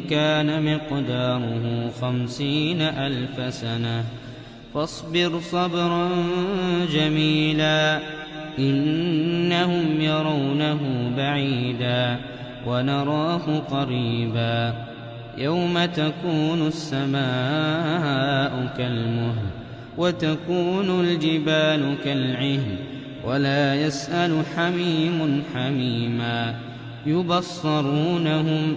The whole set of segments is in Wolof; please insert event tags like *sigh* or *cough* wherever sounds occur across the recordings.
كان مقداره خمسين ألف سنة فاصبر صبرا جميلا إنهم يرونه بعيدا ونراه قريبا يوم تكون السماء كالمهل وتكون الجبال كالعهن ولا يسأل حميم حميما يبصرونهم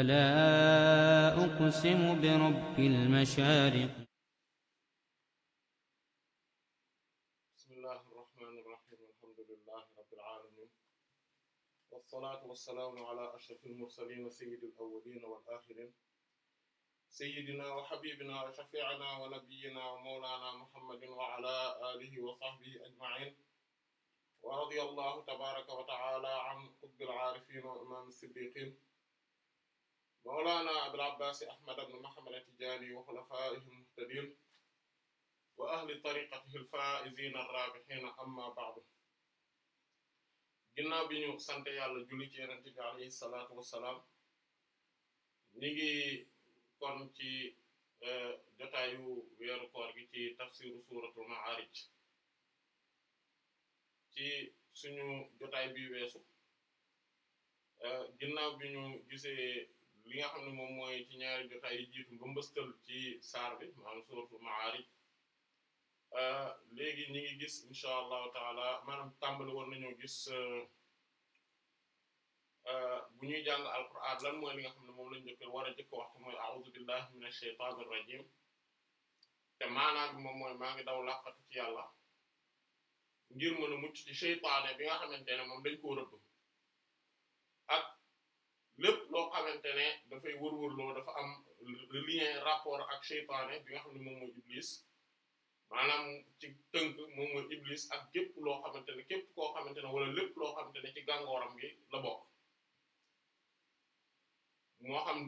فلا أقسم برب المشارق بسم الله الرحمن الرحيم الحمد لله رب العالمين والصلاة والسلام على أشرف المرسلين وسيد الأولين والآخرين سيدنا وحبيبنا وشفيعنا ونبينا ومولانا محمد وعلى آله وصحبه أجمعين ورضي الله تبارك وتعالى عن قطب العارفين وإمام الصديقين mawlana Abul Abbaas Ahmad ibn Muhammad at-Tijaani wa xulafaa'ihil muhtadiin wa ahli tariqatihil faa'iziina ar-raabihiina ammaa ba'du ginnaaw bi ñu sant yàlla julli ci Yonent bi alayhi salaatu wa salaam ñu kon ci eh, jotaayu weeru koor gi ci tafsiru suuratul Ma'aarij ci suñu jotaay bi weesu eh, ginnaaw bi ñu gisee. li nga xam ne moom mooy ci ñaari jotaay yi jiitu mbëmbëstal ci saar bi maanaam suratul Ma'aarij euh, léegi ñi ngi gis incha allahu taala maanaam tàmbali woon nañoo gis euh, euh, bu ñuy jàng alquran lan mooy li nga xam ne moom lañ jëkk war a jëkk waxtu mooy a a'udhu billahi minash shaytanir rajim te maanaam moom mooy maa ngi daw laqatu ci yàlla ngir mën a mucc ci seytaane bi nga xamante ne moom dañ koo rëbb lépp loo xamante ne dafay wër-wër loo dafa am lien rapport ak seytaane bi nga xam ne moom mooy iblis maanaam ci tënk moom iblis ak képp loo xamante ne képp koo xamante ne wala lépp loo xamante ne ci gàngooram gi la bokk moo xam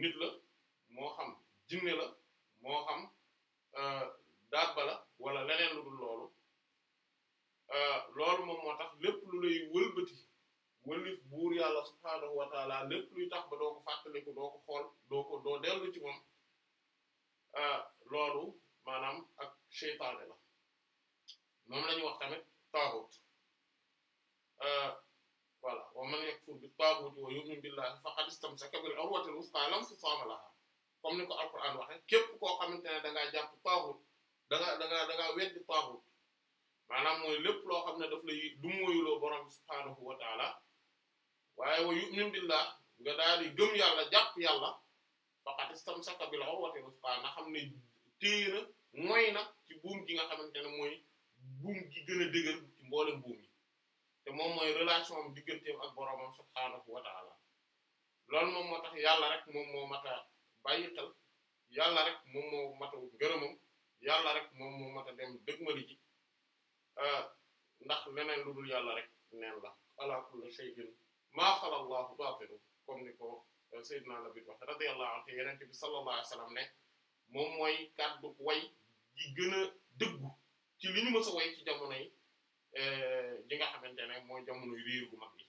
nit la moo xam jinne la moo xam euh, dabba la wala leneen lu loolu euh, loolu moom tax lépp lu lay wëlbati wëlif buur yàlla subhaanahu wa lépp luy tax ba doo ko fàttaliku doo ko xool doo ko doo dellu ci moom ah, loolu maanaam ak seytaane la moom la ñu wax tamit taaxut ah, voilà wa man yakfur bi taaxuti wa yu'min billahi faqad istamsaka bil urwatil wusqa lam fisaama laha comme ni ko alquran waxe képp koo xamante ne da ngaa jàpp taaxut da nga da maanaam mooy lépp loo xam ne daf lay du moyuloo borom subhaanahu wa waaye wa yu'min billah nga daal di gëm yàlla jàpp yàlla faqad istamsaka bil urwati wusqa na xam ne téye na mooy na ci buum gi nga xamante ne mooy buum gi gën a dëgër ci mboolem buum yi te moom mooy relation am digganteem ak boroomam subhaanahu wa ta'ala loolu moom moo tax yàlla rek moom moo mat a bàyyi xel yàlla rek moom moo mat a ngërëmam yàlla rek moom moo mat a dem dëgmali ji euh, ndax leneen lu dul yàlla rek neen la ala kulli shay'in maa xala Allahu baatilu comme ni ko euh, Seydina Nabi wax radiyallahu anhu te yonent bi sallallahu alayhi wa ne moom mooy kàddu way gi gën a dëggu ci li ñu mës a ci jamono yi euh, ji nga xamante ne mooy jamono yu réer gu mag yi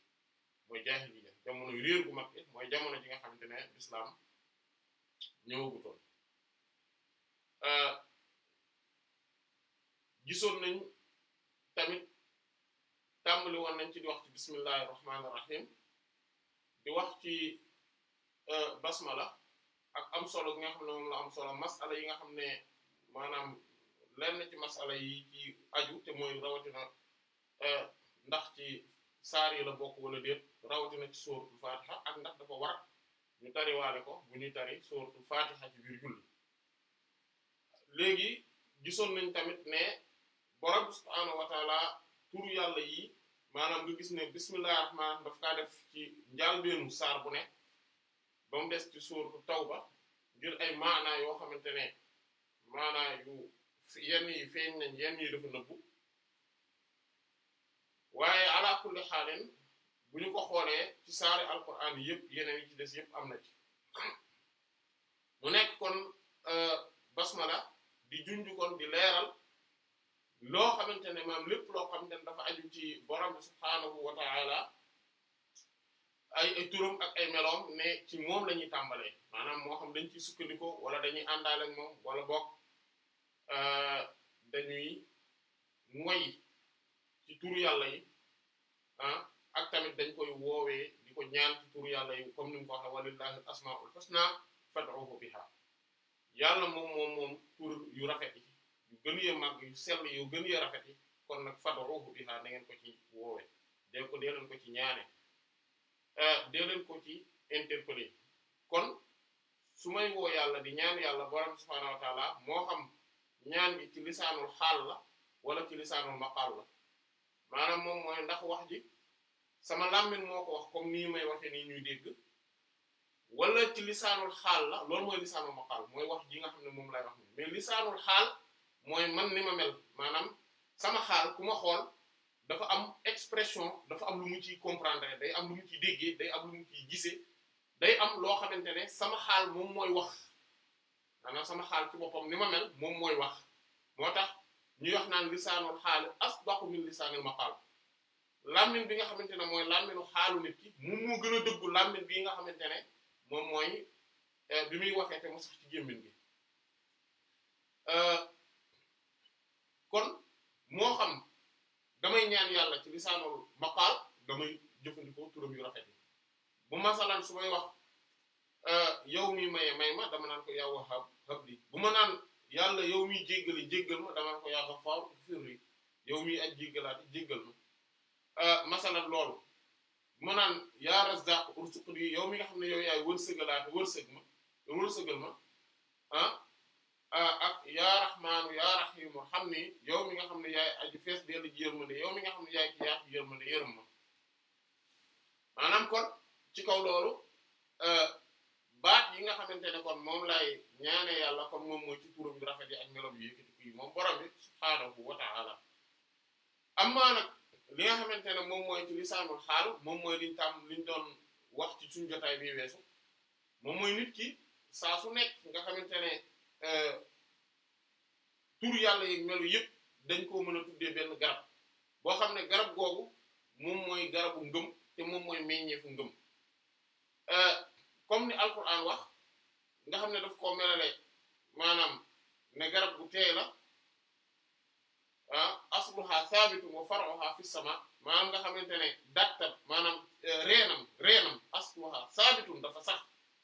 mooy jaahiliya jamono yu réer gu mag yi mooy jamono ji nga xamante ne lislaam ñëwagutoon euh, gisoon nañ tamit tàmbali woon nañ ci di wax ci bismillahi rahmaani rahim di wax ci euh, basmala ak am solo gi nga xam ne moom la am solo masala yi nga xam ne maanaam lenn ci masala yi ci aju te mooy rawatina euh, ndax ci saar yi la bokk wala déet rawatina ci sóoratul fatiha ak ndax dafa war ñu tariwaale ko bu ñuy tari sóoratul fatiha ci biir julli léegi gisoon nañ tamit ne borom subhaanahu wa tur yàlla yi maanaam nga gis ne bismillahir rahman daf kaa def ci njàlbeenu saar bu ne ba mu des ci suuratu tawba ngir ay maanaa yoo xamante ne maanaa yu yenn yi feeñ nañ yenn yi dafa nëbbu waaye ala kulli xaalin bu ñu ko xoolee ci saari alquran yëpp yeneen yi ci des yëpp am na ci mu nekk kon euh, basmala di junj kon di leeral loo xamante ne maam lépp loo xamante ne dafa aju ci borom subhaanahu wa ta'ala ay ay turam ak ay meloom ne ci moom lañuy ñuy tàmbalee maanaam moo xam dañ ci sukkandiku wala dañuy àndaale ak moom wala bokk euh, dañuy moy ci turu yàlla yi ah, ak tamit dañ koy woowee di ñaan ci turu yàlla yi comme ni mu ko waxee walillahi al asmaul husna fad'uhu biha yàlla moom moom tur yu rafet yi gën yee màgg yu sell yu gën yee rafet yi kon nag fadaruhu biha na ngeen ko ci woowe de ko dee leen ko ci ñaane ah, dee leen ko ci interpellé kon su may woo yàlla di ñaan yàlla borom subhaanahu wa moo xam ñaan bi ci lisaanul xaal la wala ci lisaanul maqaal la maanaam moom mooy ndax wax ji sama làmmiñ moo ko wax comme nii may waxee nii ñuy dégg wala ci lisaanul xaal la loolu mooy lisaanul maqaal mooy wax ji nga xam ne moom lay wax nii mais lisaanul mooy man ni ma mel maanaam sama xaal ku ma xool dafa am expression dafa am lu mu ciy comprendre day am lu mu ciy déggee day am lu mu ciy gisee day am loo xamante ne sama xaal moom mooy wax maanaam sama xaal ci boppam ni ma mel moom mooy wax moo tax ñuy wax naan lisaanul xaali asdaqu min lisaanil maqaal làmmiñ bi nga xamante ne mooy làmmiñu xaalu nit ki moom moo gën a dëggu làmmiñ bi nga xamante ne moom mooy eh, bi muy waxee te mu sax ci gémmiñ gi euh, kon moo xam damay ñaan yàlla ci lisaanul maqaal damay jëfandikoo turam yu rafet yi bu masalan su may wax euh, yow mi maye may ma dama naan ko yaa Wahhab habli bu ma naan yàlla yow miy jéggale jéggal ma dama naan ko yaa Ghaffar firri yow miy aj jéggalaate jéggal ma euh, masalan loolu ma naan yaa Razzaq ursuqni yow mi nga xam ne yow yaay wërsëgalaate wërsëg ma wërsëgal ma ah, ak ah, ah, yaa rahmaanu yaa rahiimu xam ni yow mi nga xam ne yaay aji fees dell ji yërmande yow mi nga xam ne yaay ki yaatu yërmande yërëm ma maanaam kon ci kaw loolu euh, baat yi nga xamante ne kon moom lay ñaane yàlla kon moom mooy ci turam bi rafet yi ak meloom yi yëkkati ko yi moom borom bi subhaanahu wa ta'ala ammaa nag li nga xamante ne moom mooy ci lisaanul xaal moom mooy liñ tàmm liñ doon wax ci suñu jotaay moom mooy nit ki saa su nekk nga xamante ne Euh, tur yàlla yeeg melu yëpp dañ koo mën a tuddee benn garab boo xam ne garab googu moom mooy garabu ngëm te moom mooy meññeefu ngëm euh, comme ni alquran wax nga xam ne daf koo melale maanaam ne garab gu teey la ah asluha saabitun wa far'uha fi sama maanaam nga xamante ne dattab maanaam euh, reenam reenam asluha saabitun dafa sax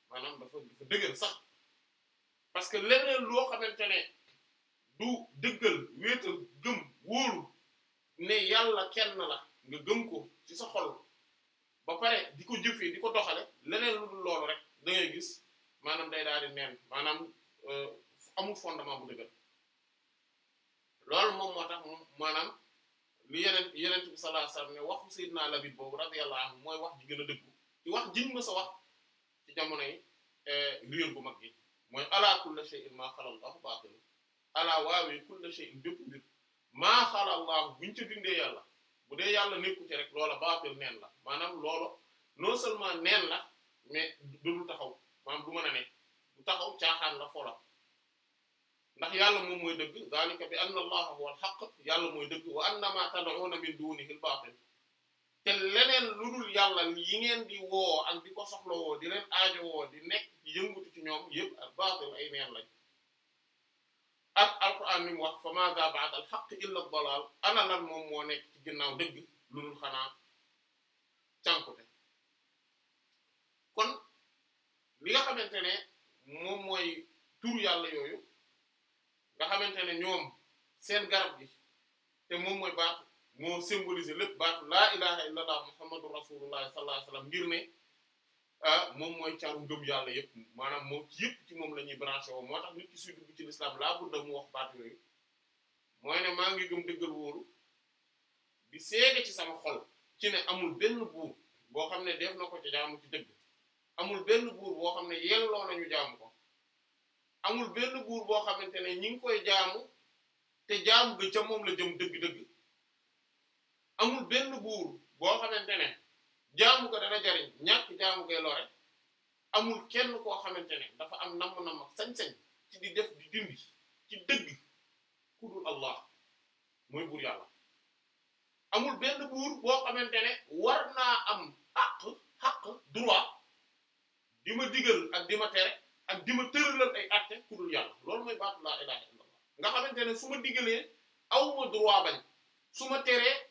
maanaam dafa dëgër sax parce que leneen loo xamante ne du dëggal wéetal gëm wóolu ne yàlla kenn la nga gëm ko ci sa xol ba pare di ko jëfee di ko doxale leneen lu dul loolu rek da gis maanaam day daal di neen maanaam euh, amul fondement bu dëggal loolu moom moo tax maanaam li yeneen yeneen bi sallallahu alayhi wasallam ne waxu sayyidina Labid boobu radiyallahu anhu mooy wax ji a dëggu ci wax jiñ ma sa wax ci jamono yi euh, réer bu mag gi mooy alaa kulla shay'in maa xala baatil alaa waawee kulla shay'in bépp mbir maa xala Allahu buñ ca dindee yàlla bu dee yàlla nekku ci rek loola baatil neen la maanaam loolo non seulement neen la mais dul taxaw maanaam du mën a nekk du taxaw caaxaan la fola ndax yàlla moom mooy dëgg zalika bi anna Allaha huwa al-haqq yàlla mooy wa anna maa tad'una min dunihi al-baatil te leneen lu dul yàlla yi ngeen di woo ak di ko soxla woo di leen aajo woo di nekk yëngutu ci ñoom yëpp ak baatil ay neen lañ ak alquran ni mu wax fa maza ba'da al-haqq illa ad-dalal ana moom moo nekk ci ginnaaw dëgg lu dul xanaa kon li nga xamante ne moom mooy tur yàlla yooyu nga xamante ne ñoom seen garab gi te moom mooy baat moo symbolisé lépp baatu laa ilaha illa allah muhammadu rasulullah sallallahu alayhi ngir ne ah, moom mooy caru ngëm yàlla yëpp maanaam moom yëpp ci moom la ñuy branché woo moo tax nit ki suy dugg ci l'islam laa budda mu wax baatu yooyu mooy ne maa ngi gëm dëggal wóoru di seede ci sama xol ci ne amul benn buur boo xam ne def na ko ci jaamu ci dëgg amul benn buur boo xam ne yelloo nañu jaamu ko amul benn buur boo xamante ne ñi ngi koy jaamu te jaamu ga ca moom la jëm dëgg amul benn buur boo xamante ne jaamu ko dana jariñ ñàkk jaamu koy lore amul kenn koo xamante ne dafa am namm-namm sañ-sañ ci di def di dindi ci dëgg ku dul Allah mooy buur yàlla amul benn buur boo xamante ne war naa am àq xaq droit di ma digal ak di ma tere ak di ma tëralal ay atte ku dul yàlla loolu mooy baatu laa ilaaha illallah nga xamante ne su ma digalee aw droit bañ su ma teree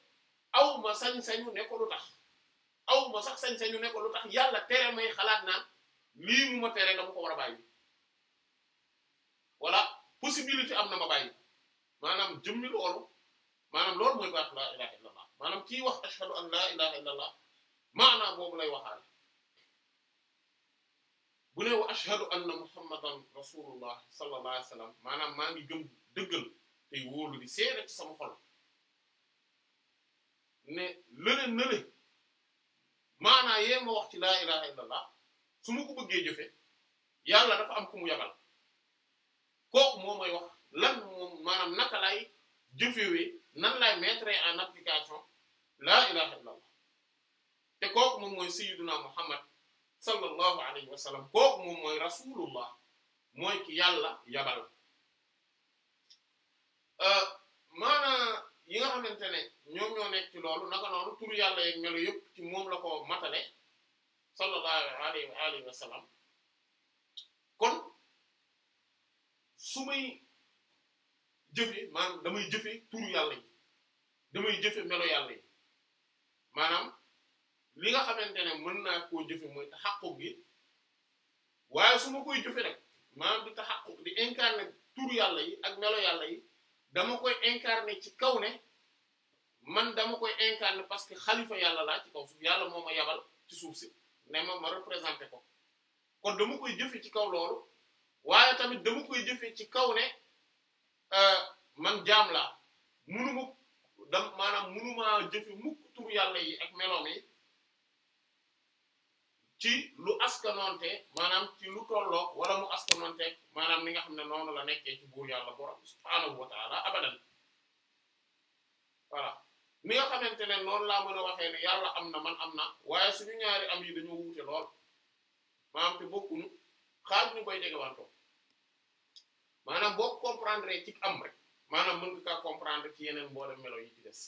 aw ma sañ-sañu ne ko lu tax aw ma sax sañ-sañu ne tax yàlla tere may xalaat naa lii mu tere dama ko war a bàyyi voilà possibilité am na ma bàyyi maanaam jëmmi loolu maanaam loolu mooy baatu laa ilaha illa maanaam kii wax ashhadu an laa ilaha illa maanaam boobu lay waxaale bu ne wa ashhadu anna muhammadan rasulullah maanaam maa ngi gëm dëggal tey wóolu di sama xol ne lële nële maanaa yee wax ci laa ilaha illallah su ma ko bëggee jëfe yàlla dafa am ku mu yabal kooku moom may wax lan moom maanaam naka lay jëfewee nan lay mettre en application laa ilaha illallah te kooku moom mooy sayyiduna muhammad sallallahu alayhi wa sallam moom mooy rasulullah mooy ki yàlla yabal euh, maanaa yi nga xamante ne ñoom ñoo nekk ci loolu naka noonu turu yàlla yeeg melo yëpp ci moom la ko matale sallallahu alayhi wa alihi kon su may jëfe maanaam damay jëfe turu yàlla yi damay jëfe melo yàlla yi maanaam li nga xamante ne mën naa koo jëfe mooy taxaqquq gi waaye su ma koy jëfe rek maanaam di taxaqquq di incarner tur yàlla yi ak melo yàlla yi dama koy incarner ci kaw ne man dama koy incarner parce que xalifa yàlla laa ci kaw suuf yàlla moo ma yabal ci suuf si ne ma ma représenter ko kon dama koy jëfe ci kaw loolu waaye tamit dama koy jëfe ci kaw ne euh, man jaam laa munuma dam maanaam munumaa jëfe mukk tur yàlla yi ak meloom yi ci lu askanonte maanaam ci lu tolloog wala mu askanonte maanaam ni nga xam ne noonu la nekkee ci buur yàlla borom subhaanahu wa taala abadan voilà ni nga xamante ne noonu laa mën a waxee ne yàlla am na man am na waaye suñu ñaari am yi dañoo wuute lool maanaam te bokkuñu xaaj ñu koy jegewantoo maanaam boo comprendre ci am rek maanaam mën nga kaa comprendre ci yeneen mboolem melo yi ci des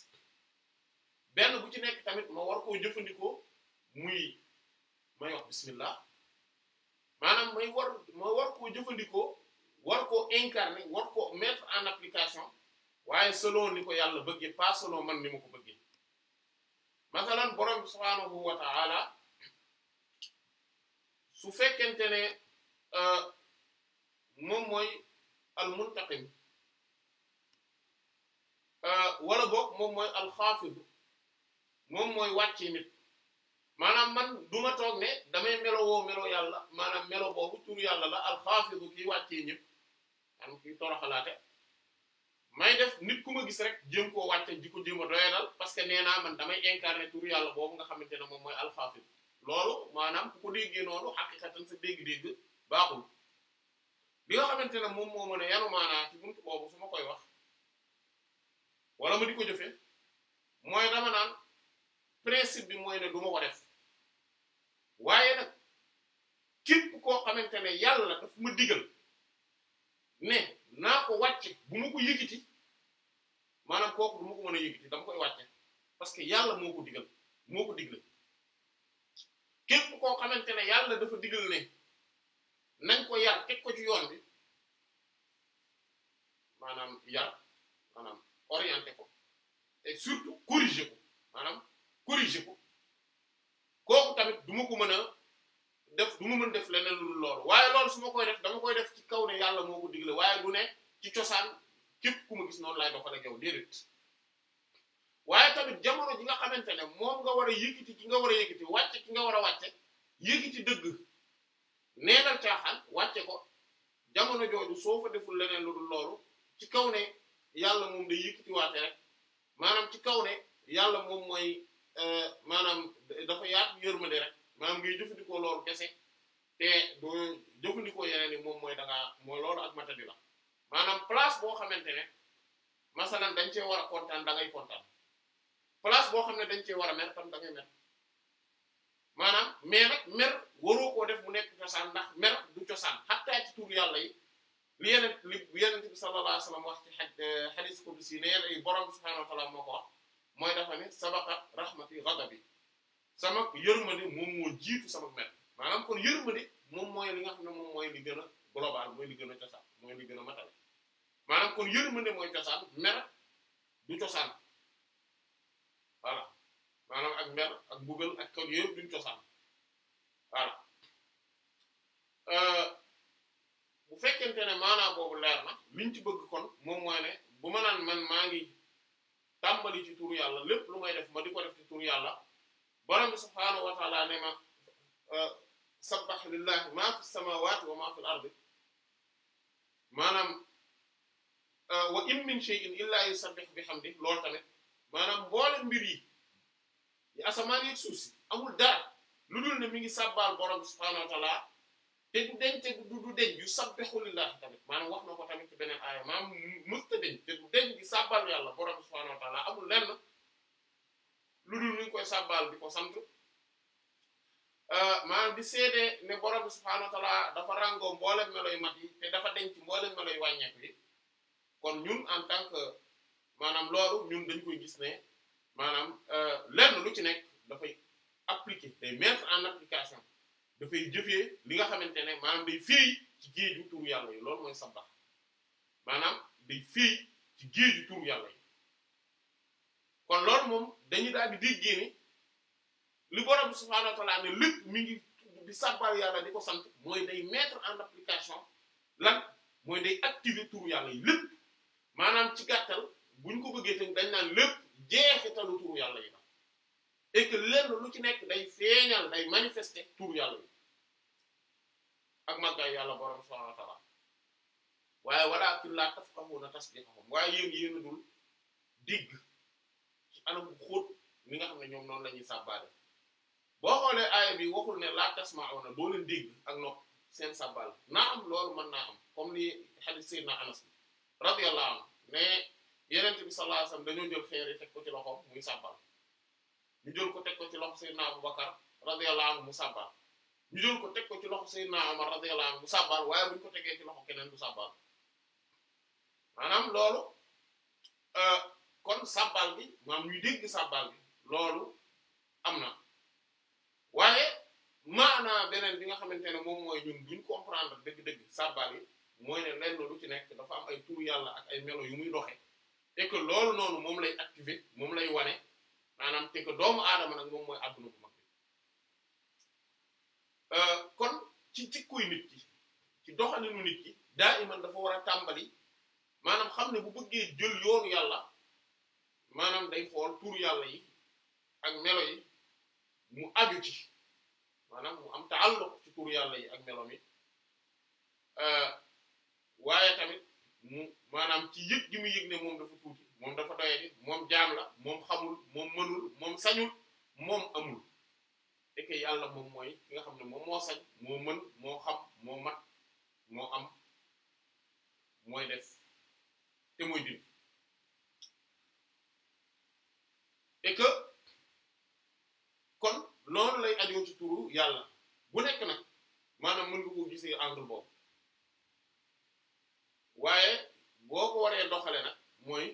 benn bu ci nekk tamit ma war koo jëfandikoo muy. may wax bismillah maanaam may war ma war koo jëfandikoo war ko incarner war koo mettre en application waaye selon ni ko yàlla bëggee pas man ni ma ko bëggee masalan borom bi subhaanahu wa su fekkente ne euh, moom mooy al muntaqim euh, wala boog moom mooy al xaafid moom mooy wàcce nit maanaam man du ma toog ne damay melo woo melo yàlla maanaam melo boobu tur yàlla la alxaafidu kiy wàccee ñëpp maanaam kiy toroxalaate may def nit ku ma gis rek jéem koo wàcce di ko jéem a doyadal parce que nee man damay incarner tur yàlla boobu nga xamante ne moom mooy alxaafidu loolu maanaam ko déggee noonu xaqiqatan sa dégg baaxul bi xamante ne moom moo mën a yanu maanaa ci buntu boobu su ma koy wax wala ma di ko jëfe mooy dama naan principe bi mooy ne du ma ko def waaye nag képp koo xamante ne yàlla daf ma digal ne naa ko wàcce bu ma ko yëgiti maanaam kooku du ma ko mën a yëgiti dama koy wàcce parce que yàlla moo ko digal moo ko digle képp koo xamante ne yàlla dafa diggal ne nañ ko yàll teg ko ci yoon bi maanaam yar maanaam orienté ko et surtout corriger ko maanaam corriger ko ma ko mën a def du ma mën def leneen lu loolu waaye loolu su ma koy def dama koy def ci kaw ne yàlla moo ko digle waaye du ne ci cosaan ku ma gis noonu laay doxale yow déedéet waaye tamit jamono ji nga xamante ne moom nga war a yëkkati ki nga war a yëkkati wàcce ki nga war a wàcce yëkkati dëgg neenal caaxaan wàcce ko jamono jooju soo deful leneen lu loolu ci kaw ne yàlla moom day yëkkati waate rek maanaam ci kaw ne yàlla moom mooy euh, maanaam dafa yaatu yërmande rek maanaam ngay jëfandikoo loolu kese te doo jëfandikoo yeneen yi moom mooy da moo loolu ak matadi la maanaam place boo xamante ne masalan dañ cee war a kontaan da ngay kontaan place boo xam ne dañ cee war a mer da ngay mer maanaam mais koo def mu nekk cosaan ndax mer du cosaan xattaa ci tur yàlla yi li yeneen li yeneen bi sallallahu alayhi wasallam wax ci hadith eh, qudsi ne yeneen yi borom subhanahu moo ko wax mooy dafa ne sabaqa rahmati ghadabi sama yërmande moom moo jiitu sama mel maanaam kon yërmande moom mooy li nga xam ne moom mooy li gën a global mooy li gën a cosaan mooy li gën a matale maanaam kon yërmande mooy cosaan mer du cosaan voilà ak mer ak mbugal ak kaw yëpp cosaan voilà euh, bu fekkente ne maanaam boobu leer na liñ ci bëgg kon moom mooy ne bu ma naan man maa ngi tàmbali ci turu yàlla lépp lu may def ma di ko def ci turu yàlla. borom bi subhaanahu wa ta'ala ne ma sabbaha ma fi samawati wa ma fil ardi maanaam uh, wa in min shay'in illa bi bihamdi loolu tamit maanaam mboole mbir yi yi asamaan yi suuf si amul lu dul ne mi ngi sàbbaal borom subhaanahu wa ta'ala te du deñ te du du deñ yu sabbihu tamit maanaam wax na ko tamit ci beneen aaya maanaam mësta deñ te du deñ gi sàbbaal yàlla borom subhaanahu wa ta'ala amul lenn sàbbaal bi ko sant euh, maanaam di seede ne borom bi subhaanahu dafa ràngoo mboolem meloy mat yi te dafa denc mboolem meloy wàññeeku yi kon ñun en tant que maanaam loolu ñun dañ koy gis ne maanaam euh, lenn lu ci nekk dafay appliquer day mettre en application dafay jëfee li nga xamante ne maanaam day fii ci géeju turu yàlla yi loolu mooy sabbax maanaam day fii ci géeju turu yàlla yi kon loolu moom dañuy daal di déggee ni li borom subhaanahu wa ne lépp mi ngi di sabbal yàlla di ko sant mooy day mettre en application lan mooy day activer turu yàlla yi lépp maanaam ci gàttal buñ ko bëggee tamit dañ naan lépp jeexitalu turu yàlla yi la et lenn lu ci nekk day feeñal day manifester turu yàlla yi ak màggaay yàlla borom subhaanahu wa ta'aala waaye walaakin laa tafqahuuna tasbiihahum waaye yéen yéen a dul digg. anam xóot mi nga xam ne ñoom noonu lañuy ñuy sàbbaale boo xoolee aaya bi waxul ne laa tasma'una doo leen dégg ak nopp seen sàbbaal naa am loolu mën naa am comme li hadith sayyidina Anas bi radiyallahu anhu ne yeneen bi sallallahu alayhi jël xeer yi ko ci loxoom muy sàbbaal ñu jël ko teg ko ci loxo sayyidina Abu Bakar radiyallahu mu sàbbaal ñu jël ko teg ko ci loxo sayyidina Umar radiyallahu anhu mu sàbbaal waaye buñ ko tegee ci loxo keneen du sàbbaal maanaam loolu. Euh, kon sabbal bi maam ñuy dégg sabbal bi loolu am na waaye maanaa beneen bi nga xamante ne moom mooy ñun duñ comprendre dëgg-dëgg sabbal yi mooy ne lenn lu ci nekk dafa am ay tur yàlla ak ay melo yu muy doxe et que loolu noonu moom lay activé moom lay wane maanaam te que doomu aadama nag moom mooy àdduna bu mag bi euh, kon ci jikkuy nit ki ci doxalinu nit ki daa iman dafa war a tàmbali maanaam xam ne bu bëggee jël yoonu yàlla maanaam day xool turu yàlla yi ak melo yi mu aju ci maanaam mu am taalluq ci turu yàlla yi ak melo mi euh, waaye tamit mu maanaam ci yëg gi mu yëg ne moom dafa tuuti moom dafa doyati moom jaam la moom xamul moom mënul moom sañul moom amul et yàlla moom mooy ki nga xam ne moom moo sañ moo mën moo xam moo mat moo am mooy def te mooy dindi et kon noonu lay ajoo ci turu yàlla bu nekk na maanaam mën nga koo gisee angle boobu waaye boo ko waree doxale nag mooy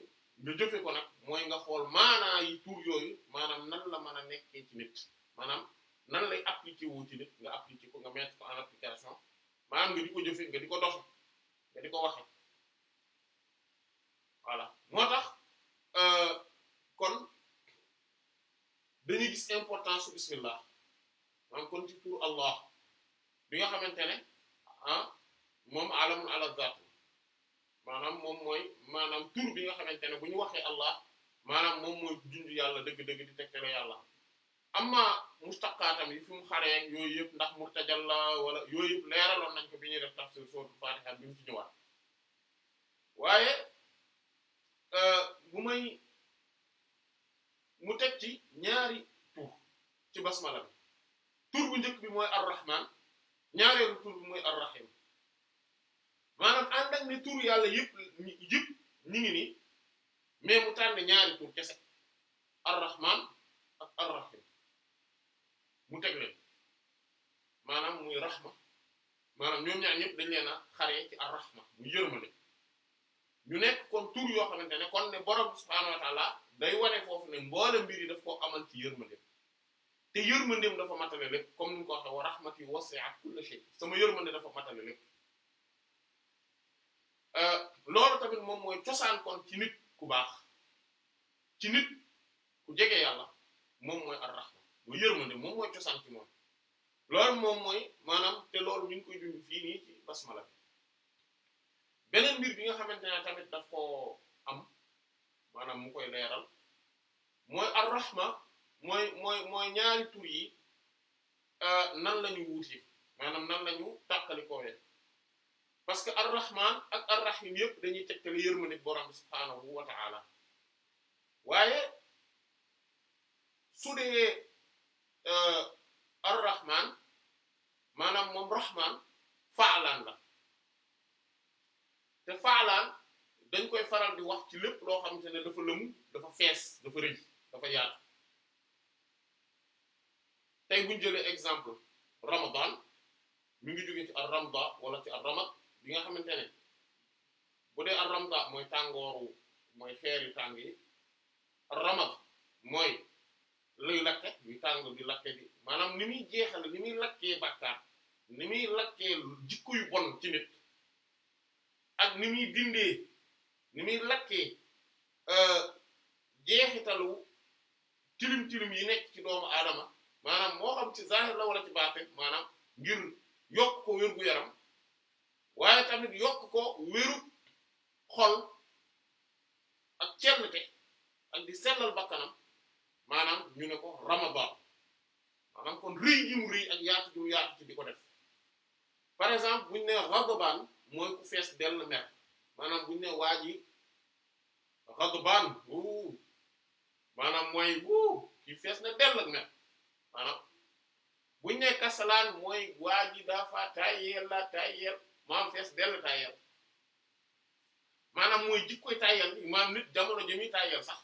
nga jëfe ko nag mooy nga xool maanaa yi tur yooyu maanaam nan la mën a nekkee ci nit maanaam nan lay appliquer wu ci nit nga appliquer ko nga mettre ko en application maanaam nga di ko jëfe nga di ko doxe nga di ko waxe voilà moo tax euh, kon dañuy gis importance su bismillah maanaam kon ci allah bi nga xamante ne ah moom alamun ala zaat maanaam moom mooy maanaam tur bi nga xamante ne bu ñu waxee allah maanaam moom mooy junj yàlla dëgg-dëgg di tegtale yàlla amma mustaqaatam yi fum mu xaree yooyu yëpp ndax murtajal la wala yooyu yëpp leeraloon nañ ko bi ñuy def tafsir sootu fatiha bi mu ci ñëwaat waaye euh, bu may mu teg ci ñaari tur ci basmala bi tur bu njëkk bi mooy ar-rahman ñaareelu tur bi mooy ar-rahim maanaam ànd ak tur yàlla yëpp yëpp ñu ngi nii mais mu tànn ñaari tur kese ar-rahman ar mu teg leen maanaam muy rahma maanaam ñoom ñaar ñëpp dañ leen a xaree ci ar-rahma mu yërmale ñu nekk kon tur yoo xamante ne kon ne borom subhaanahu wa day wane foofu ne mboole mbir yi daf koo amal ci yërmandeem te yërmandeem dafa matale lépp comme mu ko waxee wa rahmati wasi'at kulla shay sama yërmande dafa matale lépp euh, loolu tamit moom mooy cosaan kon ci nit ku baax ci nit ku jege yàlla moom mooy ar-rahma bu yërmande moom mooy cosaan ci moom loolu moom mooy maanaam te loolu ñu ngi koy dund fii nii ci basmala bi beneen mbir bi nga xamante ne tamit daf koo maanaam mu koy leeral mooy ar-rahma mooy mooy mooy ñaari yi euh, nan lañu wuute maanaam nan lañu tàqali ko parce que ar ak ar yëpp dañuy tegtale yërmande borom bi subhaanahu wa ta'ala waaye su dee euh, ar-rahman maanaam moom rahman faalaan la te faalaan dañ koy faral di wax ci lépp loo xamante ne dafa lëmu dafa fees dafa rëy dafa yaatu tey bu jëlee exemple ramadan mi ngi jóge ci ar ramda wala ci ar ramad bi nga xamante ne bu dee ar ramda mooy tàngooru mooy xeer yu tàng yi ar mooy luy lakke yu tàng di lakke bi maanaam ni muy jeexal ni muy lakkee bàkkaar ni muy lakkee jikko yu bon ci nit ak ni muy dindee ni muy lakkee euh, jeexitalu tilim tilim yi nekk ci doomu aadama maanaam moo xam ci zahir la wala ci maanaam ngir yokk ko wér yaram waaye tamit yokk ko wéru xol ak cernte ak di sellal bakkanam maanaam ñu ne ko ramabaaw maanaam kon rëy gi mu ak yaatu gi mu ci di ko def par exemple buñu ne ragabaan mooy ku fees dell mer maanaam buñu ne waa ji ghadbaan wuu maanaam mooy wuu kii fees na dell ak mer maanaam buñu ne kasalaan mooy waa ji dafa tayel la tayel maam fees dell tayel maanaam mooy jikko tayel maam nit jamono jëmi tayel sax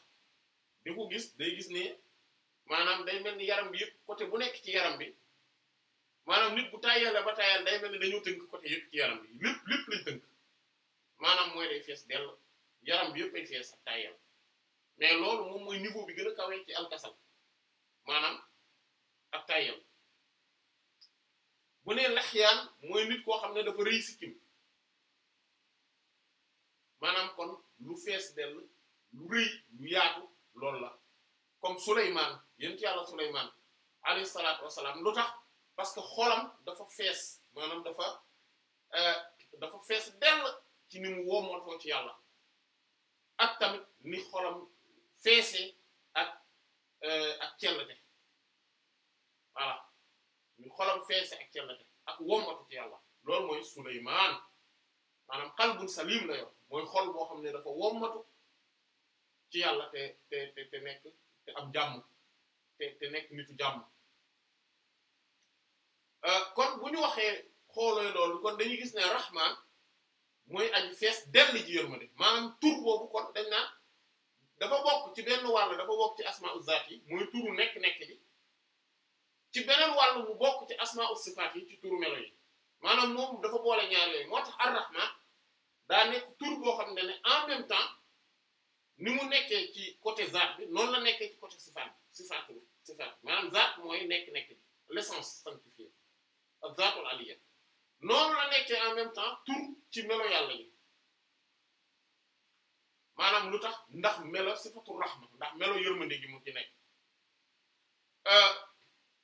di ko gis day gis ni maanaam day mel ni yaram bi yëpp côté bu nekk ci yaram bi maanaam nit bu tayel la ba tayel day mel ni dañoo tënk côté yëpp ci yaram bi lépp lépp lañ tënk maanaam mooy day fees dell yaram bi yëpp fees ak tàyyal mais loolu moom mooy niveau bi gën a kawee ci alkasal maanaam ak tàyyal bu nee laxyaan mooy nit koo xam ne dafa rëy sikkim maanaam kon lu fees dell lu rëy lu yaatu loolu la comme Souleymane yéen ci yàlla Souleymane alayhi salaatu wassalaam lu tax parce que xolam dafa fees maanaam dafa euh, dafa fees dell ci ni mu ci yàlla ak tamit ni xolam feesee ak euh, ak cellate voilà ni xolam feese ak cellate ak woomatu ci yàlla loolu mooy Suleymaan maanaam qalbun salim la yor mooy xol boo xam ne dafa wommatu ci yàlla te te te nekk te am jàmm te nekk nitu jàmm euh, kon bu ñu waxee xooloo loolu kon dañu gis ne rahman mooy aji fees dell ji yërmande maanaam tur boobu ko dañ naan dafa bokk ci benn wàll dafa bokk ci asmaa u zaat yi mooy turu nekk-nekk bi ci beneen wàll mu bokk ci asmaa u sifaat yi ci turu melo yi maanaam moom dafa boole ñaar moo tax ar-rahman daa nekk tur boo xam ne ne en même temps ni mu nekkee ci côté zaat bi noonu la nekkee ci côté sifaat bi sifaat bi sifaat maanaam zaat mooy nekk-nekk bi l'essence sanctifiée ak zaatul noonu la nekkee en même temps tur ci melo yàlla yi maanaam lu tax ndax melo sifatu rahma ndax melo yërmande gi mu ci nekk euh,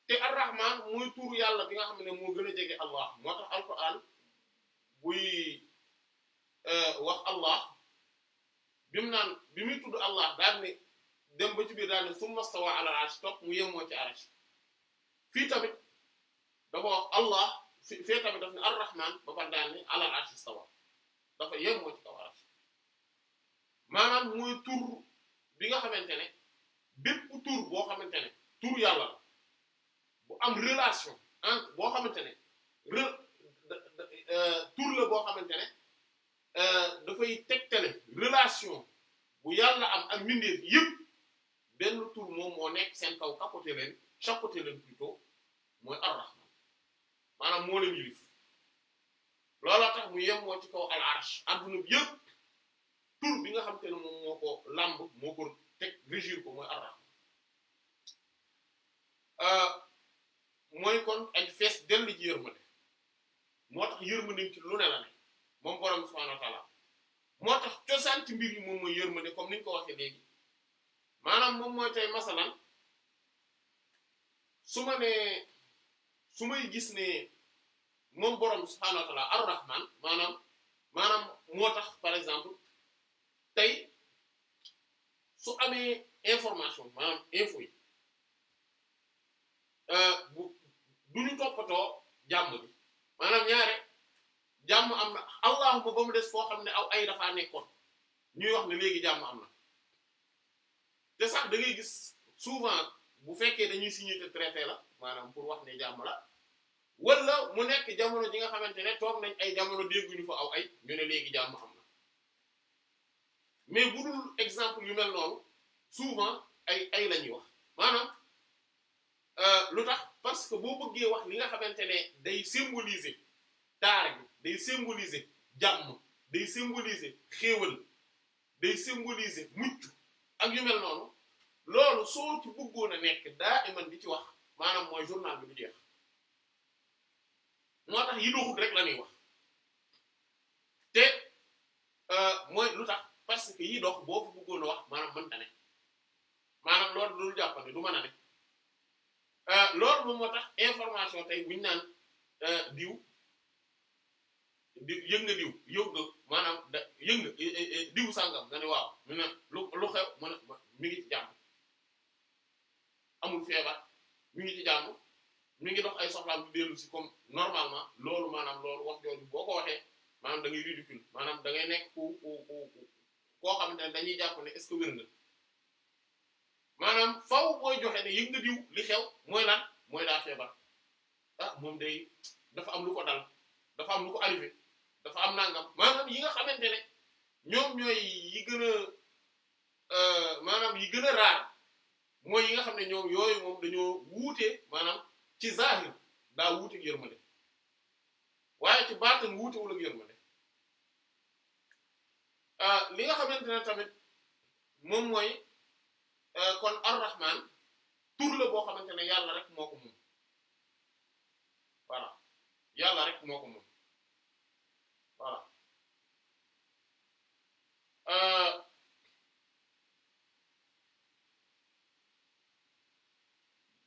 te ar-rahman muy tur yàlla bi nga xam ne moo gën a jege allah moo tax alquran buy euh, wax allah bi mu naan bi muy tudd allah daal ne dem ba ci biir daal ne summa stawa ala al mu yemoo ci arsh fii tamit dafa wax allah fi fee tamit daf ne ar-rahman ba pare dafa yem moo ci kaw arsh maanaam muy tur bi nga xamante ne bépp tur boo xamante ne tur yàlla la bu am relation en boo xamante ne re euh, tur la boo xamante ne euh, dafay tegtale relation bu yàlla am ak mbindeef yëpp benn tur moom moo nekk seen kaw kapote leen chapote leen plutôt mooy ar maanaam moo leen yilif looloo tax mu yemoo ci kaw al arsh adduna bi tur bi nga xam te ne moo ko làmb moo ko teg régir ko mooy arrax euh, mooy kon ay fees dell ci yërmande moo tax yërmande ci lu ne la ne moom borom subhaanahu wa ta'ala moo tax cosaan ci mbir yi moom mooy yërmande comme ni ñu ko waxee léegi maanaam moom mooy tey masalan su ma su may gis ne moom borom bi subhaanahu wa ta'ala maanaam moo tax par exemple tey su amee information maanaam info yi euh, du ñu toppatoo jàmm bi maanaam ñaare jàmm am na am ko ba mu des foo xam ne aw ay dafaa nekkoon ñuy wax ne léegi jàmm am na te sax da gis souvent bu fekkee dañuy signé te la maanaam pour wax ne jàmm la wala mu nekk jamono ji nga xamante ne toog nañ ay jamono dégguñu fa aw ay ñu ne léegi jàmm am mais bu dul exemple yu mel noonu souvent ay ay la ñuy wax maanaam euh, lu tax parce que boo bëggee wax li nga xamante ne day symboliser taar bi day symboliser jàmm day symboliser xéewal day symboliser mucc ak yu mel noonu loolu soo ci bëggoon a nekk daa iman di ci wax maanaam mooy journal bi du jeex moo tax yi doxut rek la ñuy wax te euh, mooy lu tax parce que yi dox boo ko bëggoon wax maanaam mënta ne maanaam loolu dul jàppandi du mën a ne euh, loolu moom moo tax information tey buñu naan euh, diw di yëg nga diw yëg nga diw sàngam nga ne waaw mu ne lu lu xew mu ne mi ngi ci amul feebar mu ngi ci jàmm ngi dox ay soxlaam di dellu si comme normalement loolu maanaam loolu wax jooju boo ko waxee da ridicule maanaam da ngay nekk ku koo xamante ne dañuy jàpp ne est-ce faw booy joxe ne yëg nga diw li xew mooy lan mooy daa feebar ah moom day dafa am lu ko dal dafa am lu ko arrivé dafa am nangam maanaam yi nga xamante ne ñoom ñooy yi gën a euh, maanaam yi gën a raar mooy yi nga xam ne ñoom yooyu moom dañoo wuute maanaam ci zahir daa wuute ak yërmande waaye ci baatin wuutewul ak yërmande ah, li nga xamante ne tamit moom mooy ah, kon ar-rahman tur la boo xamante ne yàlla rek moo ko moom voilà yàlla rek moo ko moom voilà. Ah,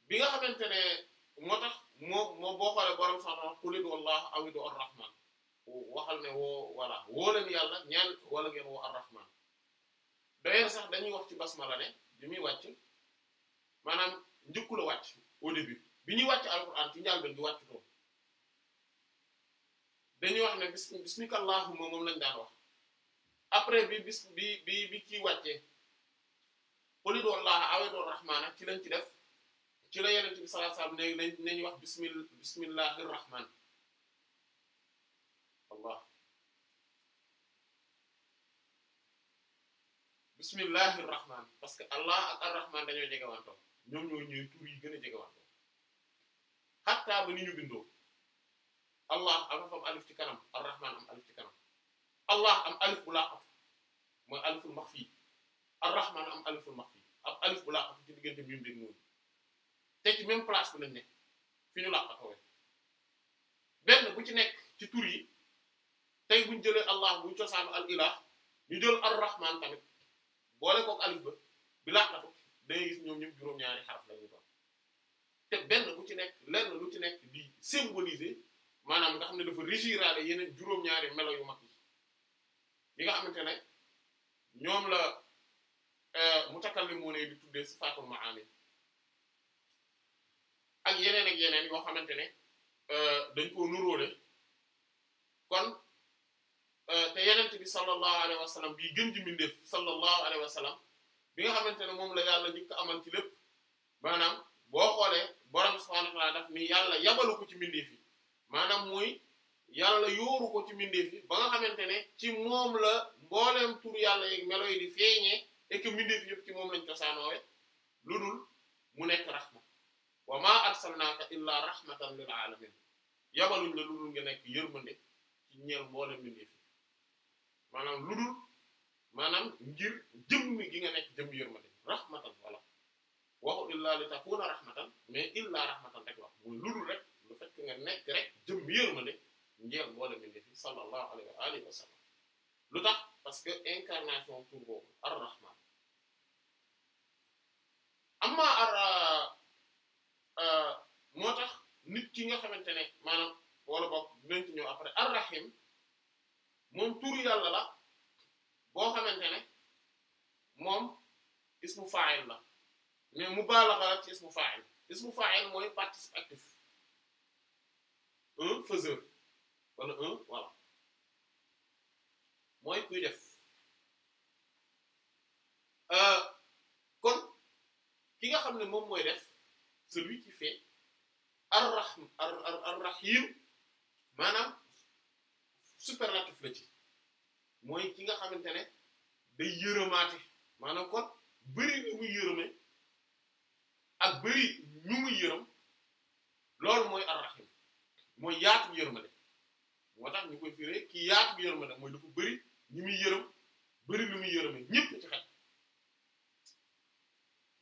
bi nga xamante ne moo tax moo moo boo xoolee borom sax na qul ud'u Allah aw ud'u ar woo voilà woo yàlla ñaan wala ngeen woo ar dañuy wax ci basmala ne bi muy wàcc maanaam njëkku la wàcc au début bi ñuy wàcc alquran ci njàlbeen di wàcc ko wax ne bis bismika moom lañ daan wax après bi bis bi bi bi kii wàccee qul ud'u Allah aw ci lañ ci def. ci la yenente bi sallallahu alayhi wasallam ne nañ wax bismi bismillahi rahman allah bismillahi parce que allah ak arrahman dañoo jegewantoo ñoom ñoo ñëw tur yi gën a jegewantoo xattaa ba ni ñu bindoo allah am alif am alif ci mooy aliful maxfi arrahman am aliful maxfi am alif bu laqatu ci diggante bi mu dégg te même place bi lañ nekk fi ñu benn bu ci nekk ci tur yi tey buñ jëlee allah buñ cosaanu al ilah ñu jël ar rahman tamit boole kook alif ba bi gis ñoom ñëpp juróom la ñu doon benn bu ci nekk lenn lu ci nekk di symboliser maanaam nga xam ne dafa régiraale yeneen juróom-ñaari melo yu mag yi yi nga xamante ne ñoom la mu euh, mutakallimune di tuddee sifatul maani ak yeneen ak yeneen yoo xamante ne euh, dañ koo nuróole kon euh, te yenent bi sallallahu alayhi wa bi gën ji mbindeef sallallahu alayhi wa sallam bi nga xamante ne moom la yàlla njëkk amal ci lépp maanaam boo xoolee borom subhanahu wa ta'ala yàlla yabalu ko ci mbindeef yi maanaam muy yàlla yóoru ko ci mbindeef yi ba nga xamante ne ci moom la mbooleem tur yàlla yeeg melo yi di feeñee et que mbindeef yëpp ci moom lañ cosaanoowee lu dul mu nekk raxma wa maa arsalnaaka illaa rahmatan lil alamin yabaluñ la lu dul nekk yërmande ci ñeel mboolem mbindeef yi lu dul maanaam ngir jëmmi gi nga nekk jëmm yërmande rahmatan wala waxu illaa li takuna rahmatan mais illaa rahmatan rek wax lu dul rek lu fekk nga nekk rek jëmm yërmande ñeel mboolem mbindeef yi sallallahu alayhi wa alihi wa sallam lu tax parce que incarnation tur boobu ar amma Euh, moo tax nit ki nga xamante ne maanaam wala boog dinañ ci après ar moom turu yàlla la boo xamante ne moom ismu fa'il la mais mubalagha la ci ismu fa'il ismu fa'il mooy participe actif un faiseur wala un voilà mooy kuy def euh, kon ki nga xam ne moom mooy def. celui qui fait ar-rahm ar-rahim maanaam superlatif la ci mooy ki nga xamante ne day yërëmaate maanaam kon bëri ñu muy yërëme ak bëri ñu muy yërëm loolu mooy ar-rahim mooy yaatu yërëmale moo tax ñu koy firee ki yaatu yërëmale mooy dafa bëri ñu mu yërëm bëri lu muy yërëme ñépp ci xel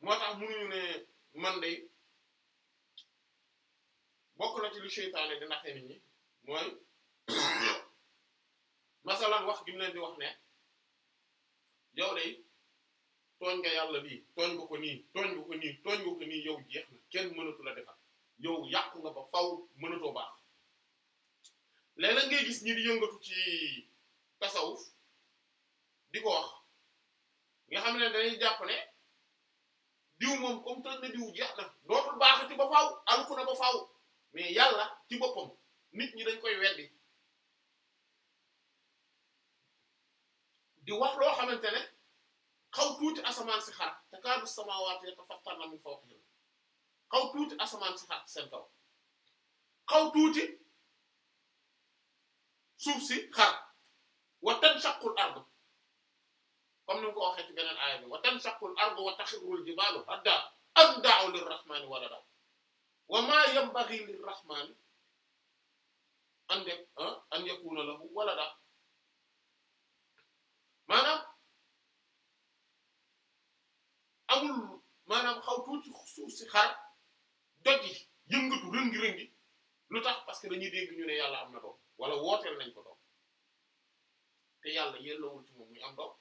moo tax mënuñu ne man day bokk na ci lu seytaane di naxee nit ñi mooy *coughs* masalan wax gi mu leen di wax ne yow day tooñ nga yàlla lii tooñ nga ko nii tooñ nga ko nii tooñ nga ko nii yow jeex na kenn mënatu la defar yàqu nga ba faw mënatoo baax léeg ngay gis ñi di yëngatu ci tasawuf di ko wax nga xam ne dañuy jàpp ne diw moom comme tooñ na diw jeex na dootul baaxati ba faw alku na ba faw mais yàlla ci boppam nit ñi dañ koy weddi di wax loo xamante ne xaw tuuti asamaan si xar takaadu samaawaatu yatafattarna min fawqihim xaw tuuti asamaan si xar seen kaw xaw tuuti suuf si xar wa tanshaqqul ardu comme ni mu ko waxee ci beneen aaya bi wa tanshaqqul ardu wa taxirul jibaalu hadda an da'u lirrahmani wa maa yanbaghi lirrahmaani an ya ah, an yakuna lahu walada maanaam amul maanaam xaw tuuti suuf si xar doji yëngatu rëngi-rëngi lu tax parce que dañuy dégg ñu ne yàlla am na doom wala wooteel nañ ko doom te yàlla yellowul ci moom muy am doom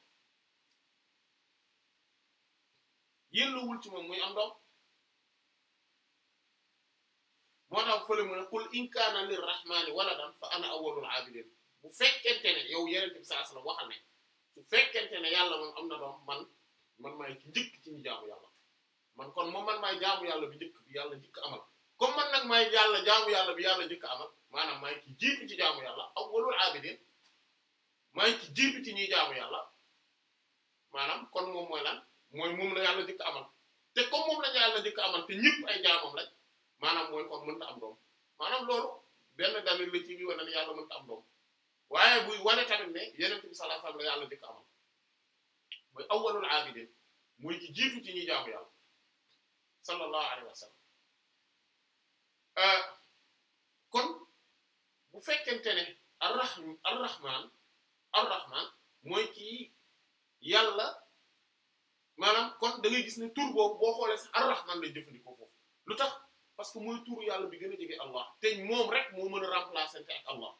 yellowul ci moom muy am doom moo tax fële mu ne qul in kaana lirrahmaani waladan fa ana awwalul aabidiin bu fekkente ne yow yenente bi saas la wasallam waxal ne bu fekkente ne yàlla moom am na doom man man maay ci njëkk ci jaamu yàlla man kon moom man maay jaamu yàlla bi njëkk yàlla njëkk amal comme man nag maay yàlla yàlla bi yàlla njëkk amal maanaam maay ci jiitu ci jaamu yàlla awwalul aabidiin maay ci ci ñuy jaamu yàlla maanaam kon moom mooy lan mooy moom la yàlla njëkk amal te comme moom la yàlla njëkk amal te ñëpp ay jaamam lañ maanaam mooy kon mënta am doom maanaam loolu benn dalil la ci bi na ne yàlla mënta am doom waaye buy wane tamit ne yeneen bi sallallahu alayhi la yàlla njëkk a amal mooy awwalul aabidin mooy ci jiitu ci ñuy jaamu yàlla sallallahu alayhi wasallam euh, kon bu fekkente ne arrahm arrahman arrahman mooy ci yàlla maanaam kon da ngay gis ne tur boobu boo xoolee sax arrahman lay jëfandikoo foofu lu tax parce que mooy tuuru yàlla bi gën a jege allah te moom rek moo mën a remplacer te ak allah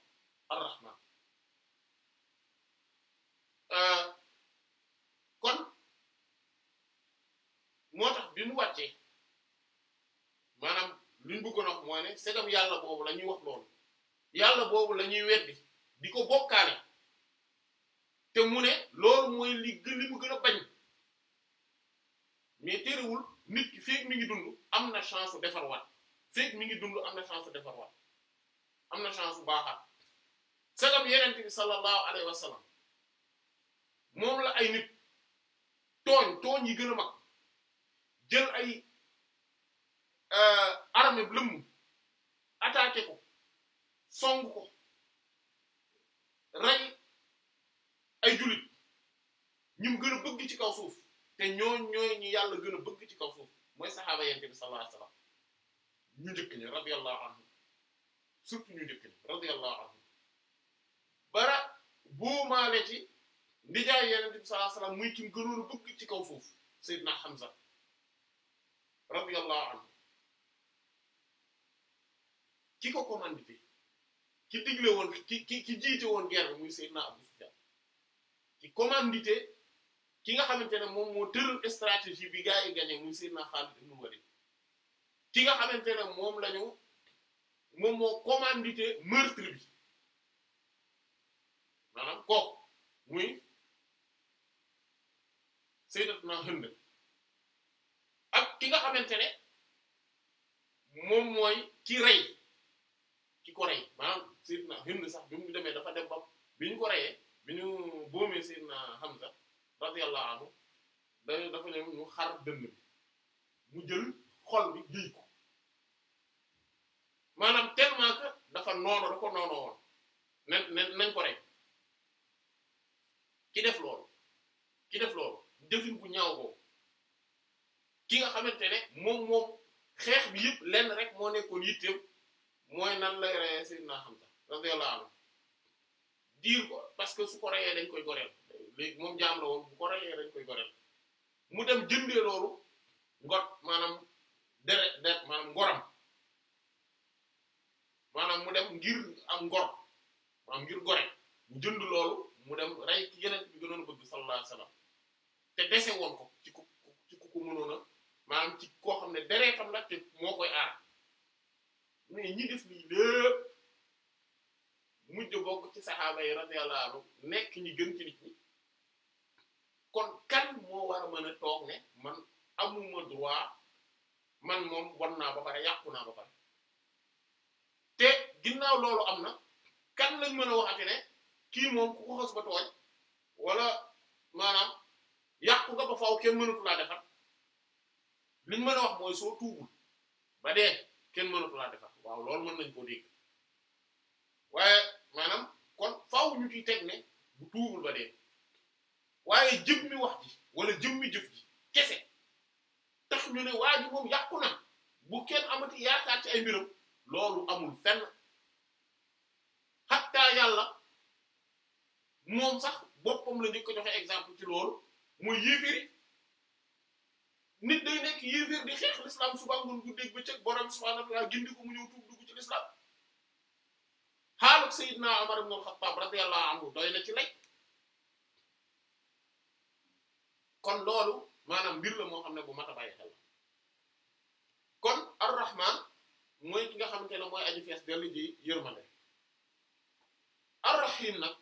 arrahman euh, kon moo tax bi mu wàccee maanaam luñ bëggoon wax mooy ne segam yàlla boobu la ñuy wax loolu yàlla boobu la ñuy weddi di ko bokkaale te mu ne loolu mooy li gën li mu gën a bañ mais terewul. nit ki feeg mi ngi dund am na chance defarwaat feeg mi ngi dund am na chance defarwaat am na chance baaxaat sagam yeneen bi sallallahu alayhi wa sallam moom la ay nit tooñ tooñ yi gën a mag jël ay euh, armée lëmm attaqué ko song ko rey ay jullit ñu gën a bëgg ci kaw suuf te ñooñ ñooy yàlla gën a bëgg ci kaw suuf mooy saxaaba yente bi sallallahu alayhi wasallam ñu njëkk ñi radiyallahu anhum surtout ñu njëkk ñi radiyallahu anhum bara buumaale ci ndijaay yenente bi sallallahu muy kim gënoon bëgg ci kaw suuf Seydina Hamza radiyallahu anhu ki ko commandité ki digle woon ki ki ki jiite woon guerre muy Seydina Abu Sufyan ki commandité ki nga xamante ne moom moo tëral stratégie bi gars yi gagné muy Seydina Khalid ibn Walid ki nga xamante ne moom lañu moom moo commandité meurtre bi maanaam muy Sayyidatuna ak ki nga xamante ne moom mooy ki rey ki ko rey maanaam naa Hind sax bi mu demee dafa dem ba bi ñu ko reyee bi ñu boomee xam Hamza radiyallahu anhu dañu dafa ñëw mu xar dënn bi mu jël xol bi géej ko maanaam tellement dafa noono da ko woon nen nen nañ ko rek ki def loolu ki def loolu jëfin bu ñaaw boobu ki nga xamante ne moom moom xeex bi yëpp lenn rek moo nekkoon yitteem mooy nan lay reyee Seydina Hamza radiyallahu anhu diir ko parce que su ko reyee dañ koy goreel léegi moom jaam la woon bu ko reyee dañ koy goreel mu dem jëndee loolu ngot maanaam dere der maanaam ngoram maanaam mu dem ngir am ngor ngir gore mu jënd loolu mu dem rey ci yeneen bi gënoon a bëgg sallallahu alayhi wasallam te dese woon ko ci ku ko mënoon maanaam ci koo xam ne deretam la te moo koy aar mais ñi def lii lépp mujj bokk ci saxaaba yi radiyallahu anhu nekk ñi gën ci nit ñi kon kan moo war a mën a toog ne man amuma droit man moom won naa ba pare yàqu naa ba pare te ginnaaw loolu am na kan lañ mën a waxati ne kii moom ku ko xas ba tooñ wala maanaam yàqu nga ba faaw kenn mënatu laa defar liñ mën a wax mooy soo tuubul ba dee kenn mënatu laa defar waaw lool mën nañ koo dégg waaye maanaam kon faaw ñu ciy teg ne bu tuubul ba dee waaye jëmmi wax ji wala jëmmi jëf ji kese tax ñu ne waa ji moom yàqu na bu kenn amati yaakaar ci ay mbiram loolu amul fenn hatta yàlla moom sax boppam la ñu ko joxe exemple ci loolu muy yéefiri nit day nekk yéefir di xeex l'islam suba ngoon guddeeg bëccëg borom subhanahu wa ta'ala gindi ko mu ñëw tuub dugg ci l'islam xaaluk Seydina Umar ibn al-Khattab radiyallahu anhu doy na ci lay kon loolu maanaam mbir la moo xam ne bu mat a bàyyi xel kon ar mooy ki nga xamante ne mooy aji fees dellu ji yërmande ar nag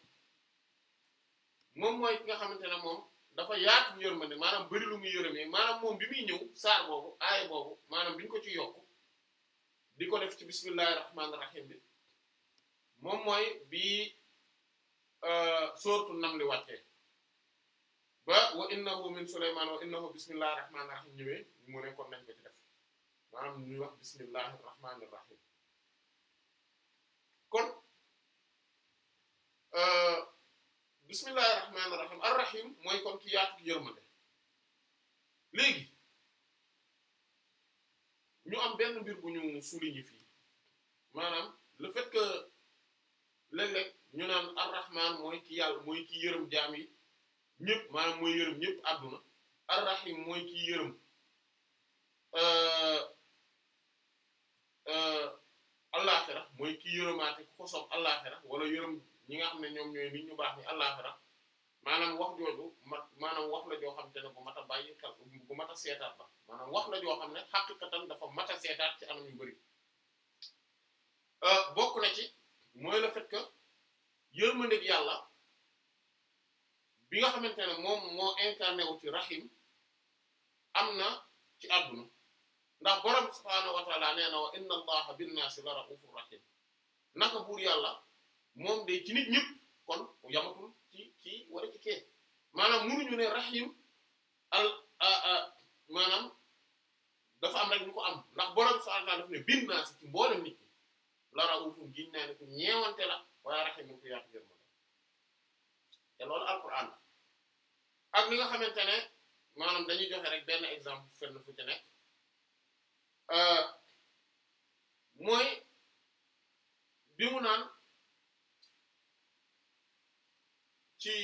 moom mooy ki nga xamante ne moom dafa yaatu yërmande maanaam bëri lu muy yërëmee maanaam moom bi muy ñëw saar boobu aaya boobu maanaam bi ñu ko ci yokk di ko def ci bismillahir rahmanir rahim bi moom mooy bi euh, sóortu nam li wàccee ba wa innahu min Sulaymaan wa innahu bismillahir rahmaanir rahiim ñëwee mu ne kon nañ ko def maanaam ñuy wax bismillahir rahmaanir rahiim kon euh, bismillahir rahmaanir rahiim ar mooy kon ki yaatu ki léegi ñu am benn mbir bu ñu souligner fii maanaam le fait que léeg ñu naan ar rahman mooy ki mooy ki yërëm jaam yi. ñëpp maanaam mooy yërëm ñépp àdduna arrahim mooy ki yërëm àllaaxira euh, euh, mooy ki yërëmaate ku ko soob àllaaxira wala yërëm ñi nga xam ne ñoom ñooy nit ñu baax ni àllaaxira maanaam wax jooju mat maanaam wax la joo xam te ne bu mat a bàyyi xel bu mat a seetaat ba maanaam wax la joo xam ne xaqiqatan dafa mat a seetaat ci anam yu bari euh, bokk na ci mooy le fait que yërmandeeg yàlla bi nga xamante ne moom moo incarné wu ci rahim am na ci àdduna ndax borom subhaanahu wa taala nee na wa inna allaha binnaasi la raufur rahim naka buur yàlla moom day ci nit ñëpp kon yamatul ci kii ci kee maanaam munuñu ne rahim al maanaam dafa am rek ñu ko am ndax borom subhaanahu wa taala daf ne binnaasi ci mboolem nit ñi la raufum giñ naa ne ku ñeewante la waaye rahim ñu ko yaatu jërmone te loolu alquran ak li nga xamante ne maanaam dañuy joxe rek benn exemple fenn fu ci nekk euh, mooy bi mu naan ci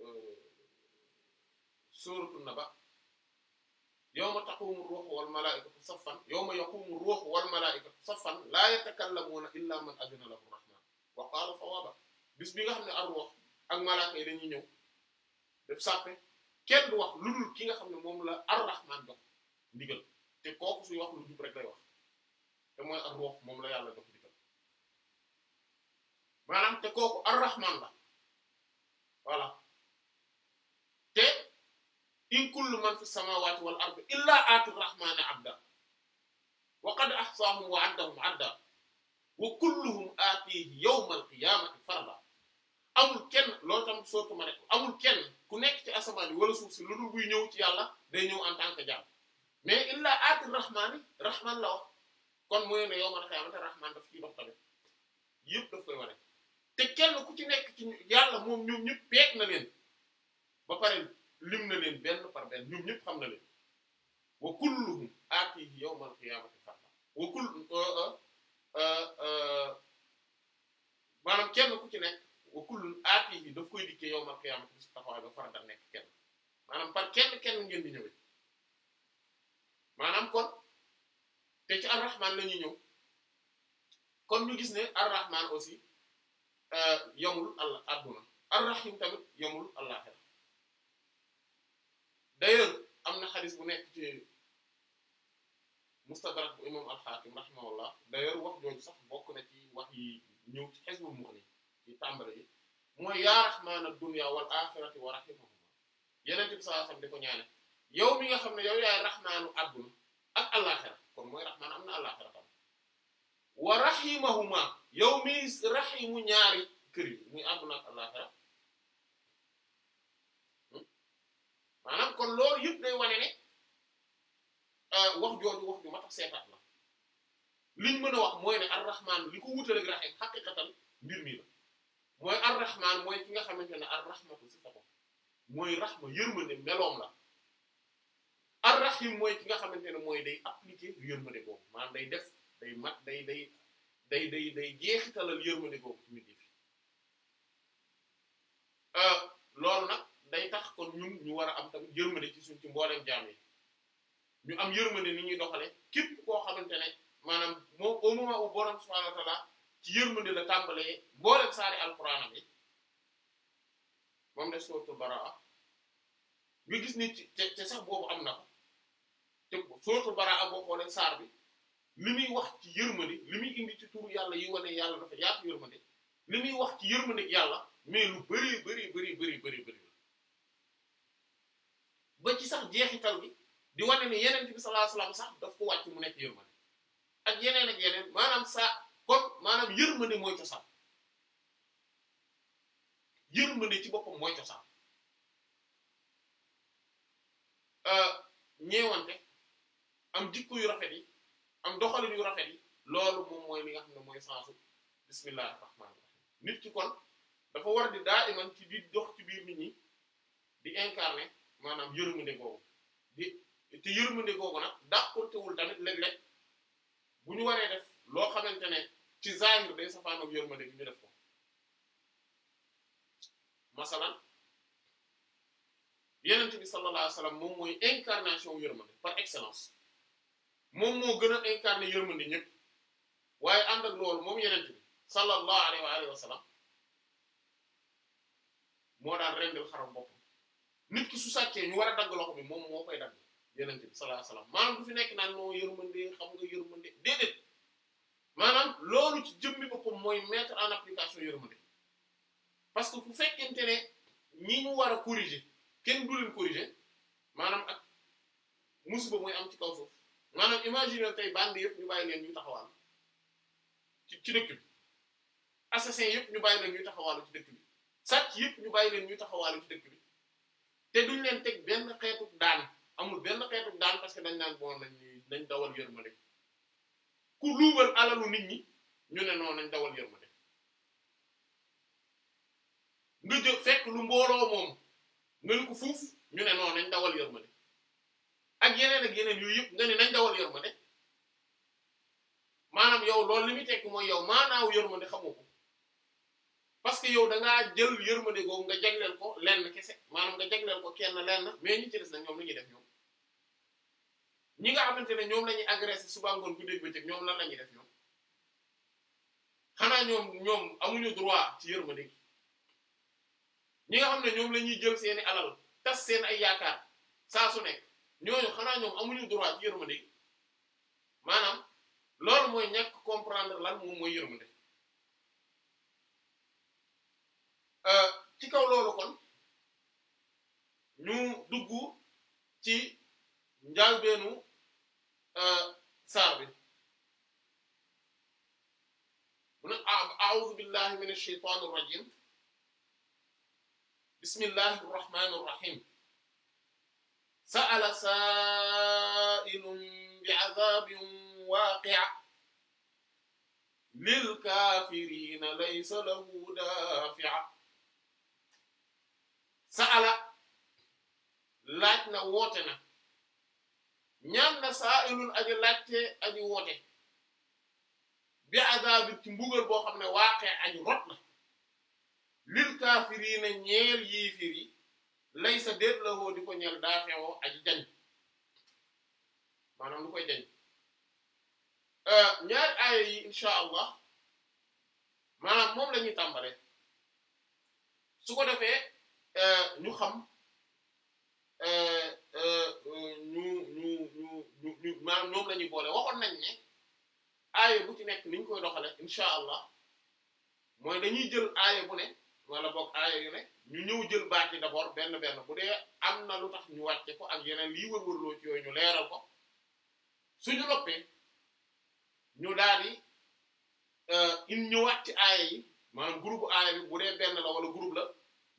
euh, sóoratu Naba yawma taqumu ruuhu wal fan saffan yawma yaqumu ruuhu wal malaa'ikatu fan laa yatakallamuuna illaa man adina lahu rahmaan wa qaala sawaaba bis bi nga xam ne ar ruux ak malaaka yi dañuy ñëw def sàppe kenn du wax lu dul ki nga xam ne moom la ar-rahman dox ndigal te kooku suy wax lu jub rek lay wax te mooy ak ruux moom la yàlla dox ndigal te kooku ar-rahman la voilà te in kullu man fi samawati wal ardi illa aati rahmana abda wa qad ahsahum wa adda wa kulluhum aatihi yawma al qiyamati farda amul kenn loolu tam sootu ma amul kenn ku nekk ci asamaan yi wala suuf si lu dul buy ñëw ci yàlla day ñëw en tant que jaam mais illa aati rahmaani rahmaan la wax kon mooy ne yow man a xayamante rahmaan daf kenn ku ci nekk ci yàlla moom ñoom ñëpp peeg na leen ba pare lim na leen benn par benn ñoom ñëpp xam na leen wa kulluhum aatihi yawmal qiyaamati fardan wa kull uh, uh, uh, maanaam kenn ku ci nekk kullun aatihi daf koy dikkee yawmal qiyaamati bis taxawaay ba farata nekk kenn maanaam par kenn kenn ngeen di ñëwee maanaam kon te ci arrahman la ñëw kon ñu gis ne arrahman aussi euh, yamul allah adduna arrahim tamit yamul àllaxira d'ailleurs am na xalis bu nekk ci mustadrak bu imam alxaakim rahimahullah d'ailleurs wax jooju sax bokk na ci wax yi ñëw ci xisbul mughni ci tàmbale yi mooy yaa raxmaana dunya wal axirati wa rahimahuma yeneen bi sallallahu alayhi wasallam di ko ñaane yow mi nga xam ne yow yaay raxmaanu adduna ak allaaxira kon mooy raxmaan am na allaaxira tam wa yow mi raximu kër yi muy adduna ak hmm? maanaam kon loolu yëpp day wane ne euh, wax jooju wax ju ma tax seetaat la liñ mën a wax mooy ne ar raxmaan li ko wutaleeg raxim xaqiqatan mbir mi la mooy ar mooy ki nga xamante ne ar-rahmatu sifatu mooy rahma yërmande meloom la ar-rahim mooy ki nga xamante ne mooy day appliquer yërmande boobu maanaam day def day mat day day day day day jeexitalal yërmande boobu ci nit yi euh, loolu nag day tax kon ñun ñu war a am tamit yërmande ci suñ ci mboolem jaam ñu am yërmande ni ñuy doxale képp koo xamante ne maanaam moom au moment où borom ci yërmande la tàmbalee booleem saari alquran bi moom des sooratul baraa bi gis ni te te sax boobu am na ko te sooratul baraa boo xoolee saar bi li muy wax ci yërmande li muy indi ci turu yàlla yi wane yàlla dafa yaatu yërmande li muy wax ci yërmande yàlla mais lu bari bari bari bari bari bari ba ci sax jeexital bi di wane ne yeneen bi sallallahu alayhi wasallam sax daf ko wàcc mu nekk yërmande ak yeneen ak yeneen maanaam saa. kon maanaam yërmande mooy cosaan yërmande ci boppam mooy cosaan euh, ñeewante am jikko yu rafet yi am doxalin yu rafet yi loolu moom mooy li nga xam ne mooy sensu bismillahir rahmanir rahim nit ki kon dafa war di daa iman ci di dox ci biir nit ñi di incarné maanaam yërmande googu di te yërmande googu nag dàqantewul tamit léeg-léeg bu ñu waree def loo xamante ne ci zahir day safaan ak yërmande gi ñu def ko masalan yenent bi sallallahu alayhi wasallam moom mooy incarnation yërmande par excellence moom moo gën a incarné yërmande ñëpp waaye ànd ak loolu moom yenent bi sallallahu alayhi wa alihi wasallam moo daan rendil xaram bopp nit ki su sàccee ñu war a dagg loxo bi moom moo koy dagg yenent bi sallallahu alayhi wasallam du fi nekk naan noo yërmande xam nga yërmande déedéet maanaam loolu ci jëmmi boppam mooy mettre en application yërmande parce que bu fekkente ne ñi ñu war a corriger kenn du leen corriger maanaam ak musiba mooy am ci kaw suuf maanaam imaginer tey bandi yëpp ñu bàyyi leen ñu taxawal ci ci dëkk bi assassin yëpp ñu bàyyi leen ñuy taxawal ci dëkk bi sàcc yëpp ñu bàyyi leen ñuy taxawal ci dëkk bi te duñ leen teg benn xeetu daan amul benn xeetu daan parce que dañ naan bon nañ dañ dawal yërmande. ku luubal alalu nit ñi ñu ne noonu nañ dawal yërmande nga jël fekk lu mbooloo moom nga ni ko fuuf ñu ne noonu nañ dawal yërmande ak yeneen ak yeneen yooyu yëpp nga ne nañ dawal yërmande maanaam yow loolu li muy tekk mooy yow maanaaw yërmande xamoo ko parce que yow dangaa jël yërmande googu nga jagleel ko lenn kese maanaam nga jagleel ko kenn lenn mais ñi ci des nag ñoom li ñuy def ñoom. ñi nga xamante ne ñoom la ñuy agressé suba gu ku dégg bëccëg ñoom lan la ñuy def ñoom xanaa ñoom ñoom amuñu droit ci yërmande gi ñi nga xam ne ñoom la ñuy jël seeni alal tas seen ay yaakaar saa su nekk ñooñu xanaa ñoom amuñu droit ci yërmande gi maanaam loolu mooy ñàkk comprendre lan moom mooy yërmande euh, ci kaw loolu kon ñu dugg ci njaalbeenu Euh, saar bi bu ne a'uuzu billahi minash shaytaanir rajiim bismillahir rahmaanir rahiim sa'ala saa'ilun bi'azaabin waaqi'in lil kaafiriina laysa lahu daafi' sa'ala laaj na woote na ñaan na sa'ilun aji laajte aji woote bi azabin ci mbugal boo xam ne waaqe aji rot na lil kaafiriina ñeel yiifir yi laysa déet la woo di ko ñeel daafeewoo aji jañ maanaam lu koy jañ euh, ñaari aaya yi insha allah maanaam moom la ñuy su ko defee euh, ñu xam euh, ñu ñu ñu maanaam ñoom la ñuy boole waxoon nañ ne aaya bu ci nekk ni ñu koy doxale incha allah mooy dañuy jël aaya bu ne wala boog aaya yu ne ñu ñëw jël baat yi d'abord benn benn bu dee am na lu tax ñu wàcce ko ak yeneen lii wër-wërloo ci yooyu ñu leeral ko suñu loppee ñu daal di euh, in ñëwaat ci aaya yi maanaam groupe aaya bi bu dee benn la wala groupe la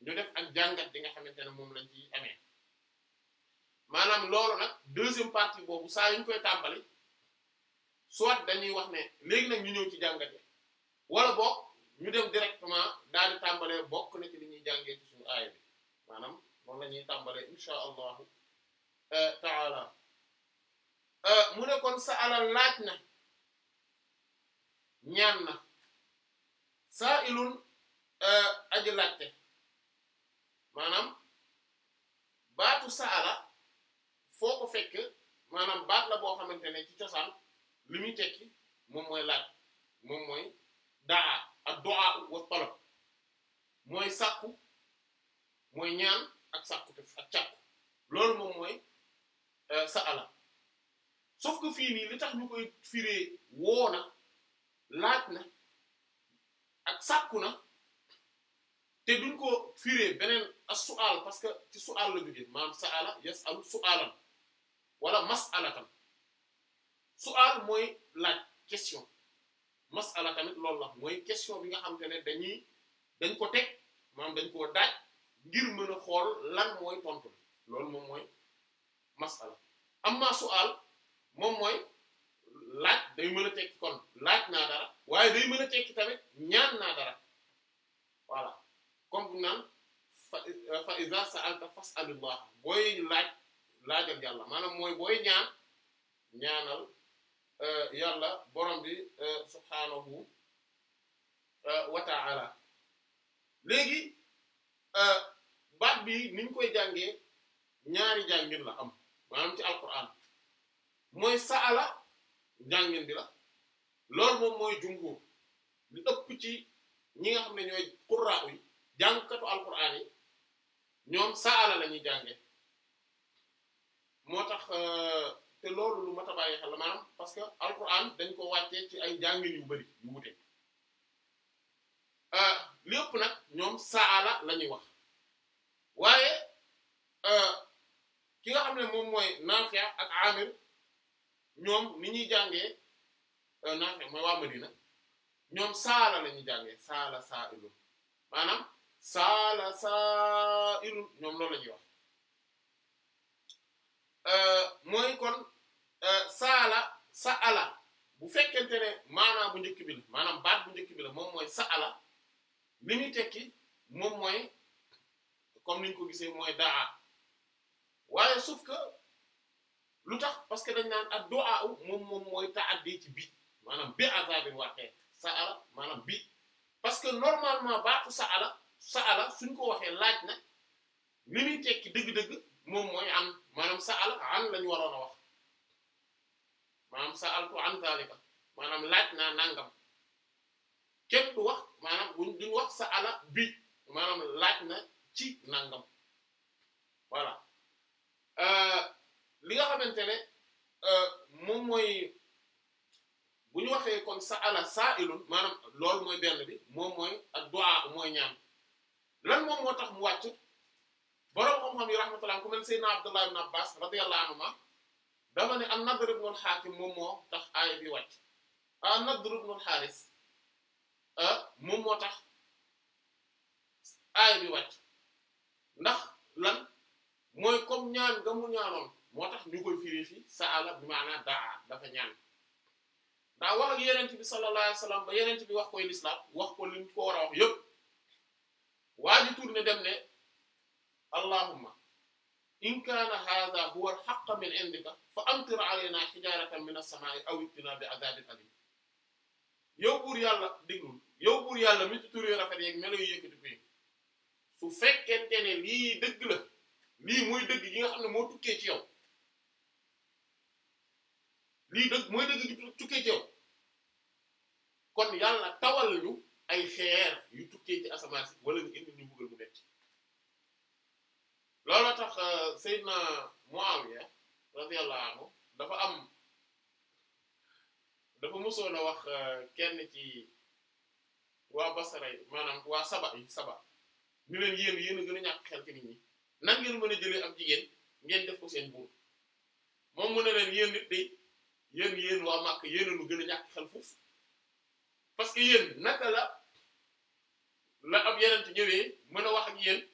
ñu def ak jàngat bi nga xamante ne moom lañ ci amee. maanaam loolu nag deuxième partie boobu saa yu ñu koy tàmbali soit dañuy wax ne léegi nag ñu ñëw ci jàngat yi wala boog ñu dem directement daal di tàmbalee bokk na ci li ñuy jàngee ci suñu aaya bi maanaam moom lañuy ñuy tàmbalee insha allahu euh, taala euh, mu ne kon sa alal laaj na ñaan na saa ilun euh, aji laajte maanaam baatu sa foo ko fekk maanaam baat la boo xamante ne ci cosaan li muy tekki moom mooy laaj moom mooy daa ak doa wa talab mooy sàkku mooy ñaan ak sàkku te ak càkku loolu moom mooy euh, sa'ala sauf que fii nii li tax ñu koy firee woo na laaj na ak sàkku na te duñ ko firee beneen as su'al parce que ci su'al la jógee maanaam sa'ala yas'alu su'alan wala mas'ala tam su'al mooy laaj question mas'ala tamit loolu la mooy question bi nga xamante ne dañuy dañ ko teg maanaam dañ koo daaj ngir mën a xool lan mooy tontu bi moom mooy mas'ala amma su'al moom mooy laaj day mën a tekki kon laaj naa dara waaye day mën a tekki tamit ñaan naa dara voilà comme naan fa iza sa'alta fas'alillah booy laaj laajal yàlla maanaam mooy booy ñaan ñaanal euh, yàlla borom bi euh, subhaanahu euh, wa ta'ala léegi baat bi niñ koy jàngee ñaari jàngin la am maanaam ci alquran mooy saala jàngin bi la loolu moom mooy jungo li ëpp ci ñi nga xam ne ñooy qurra yi jàngkatu alquran yi ñoom saala la ñuy jàngee moo tax euh, te loolu lu mat a bàyyi parce que alquran dañ ko wàcce ci ay jàngin yu bari yu wute euh, lépp nag ñoom saala la ñuy wax waaye euh, ki nga xam ne moom mooy Naafi' ak Amir ñoom ni ñuy jànge Naafi' mooy waa Madina ñoom saala lañuy jànge jàngee saala saa ilun maanaam saala saa ilun ñoom loolu la wax Euh, mooy kon euh, saala sa ala bu fekkente ne maanaam bu njëkk bi la maanaam baat bu njëkk bi la moom mooy sa ala li muy tekki moom mooy comme niñ ko gisee mooy daa waaye sauf que lu tax parce que dañ naan ak du'a moom moom mooy ta'addi ci bi maanaam bi azabin waxee sa ala maanaam bi parce que normalement baatu sa ala sa ala suñ ko waxee laaj na li muy tekki dëgg-dëgg moom mooy am maanaam sa'ala an lañu waroon a wax maanaam sa'altu an zalika maanaam laaj naa nangam kenn du wax maanaam buñ duñ wax sa'ala bi maanaam laaj na ci nangam voilà euh, li nga xamante ne euh, moom mooy bu ñu waxee kon sa'ala sa'ilun maanaam loolu mooy benn bi moom mooy ak du'a mooy ñaan lan moom moo tax mu wàcc boroom xam-xam yi rahmatullah ku mel Seydina Abdullah ibn Abbas radiyallahu anhuma dama ne an-Nadr ibn al-Hakim moom moo tax aaya bi wàcc an-Nadr ah, moom moo tax aaya bi wàcc ndax lan mooy comme ñaan nga ñaanoon moo tax ñu koy firi fi sa'ala bi maanaam daa dafa ñaan daa wax ak yeneen bi sallallahu alayhi wasallam ba yeneen bi wax koy lislaam wax ko lim ko war a wax yépp waa ji tourné dem ne. allahumma in kaana hadha huwa alhaqqa min indika fa amtir alayna hijaratan min as-samaa'i aw itina bi adhabin alim yow buur yàlla déglul yow buur yàlla mi ci tur yu rafet yeeg melo yu yëkkati ko yëg su fekkente ne lii dëgg la lii mooy dëgg gi nga xam ne moo tukkee ci yow lii dëgg mooy dëgg gi tukkee ci yow kon yàlla tawal ñu ay xeer yu tukkee ci asamaan si wala nga indi ñu bëggal mu nekk loolu tax euh, Seydina Muawiya radiyallahu anhu dafa am dafa mosoon a wax euh, kenn ci waa Basra yi maanaam waa Saba yi Saba ñu leen yéen yéen a gën a ñàkk xel ci nit ñi nan ngeen mën a jëlee ak jigéen ngeen def ko seen buur moom mu ne leen yéen nit day yéen yéen waa Màkk yéen lu gën a ñàkk xel foofu parce que yéen naka la la ab yeneen ñëwee mën a wax ak yéen.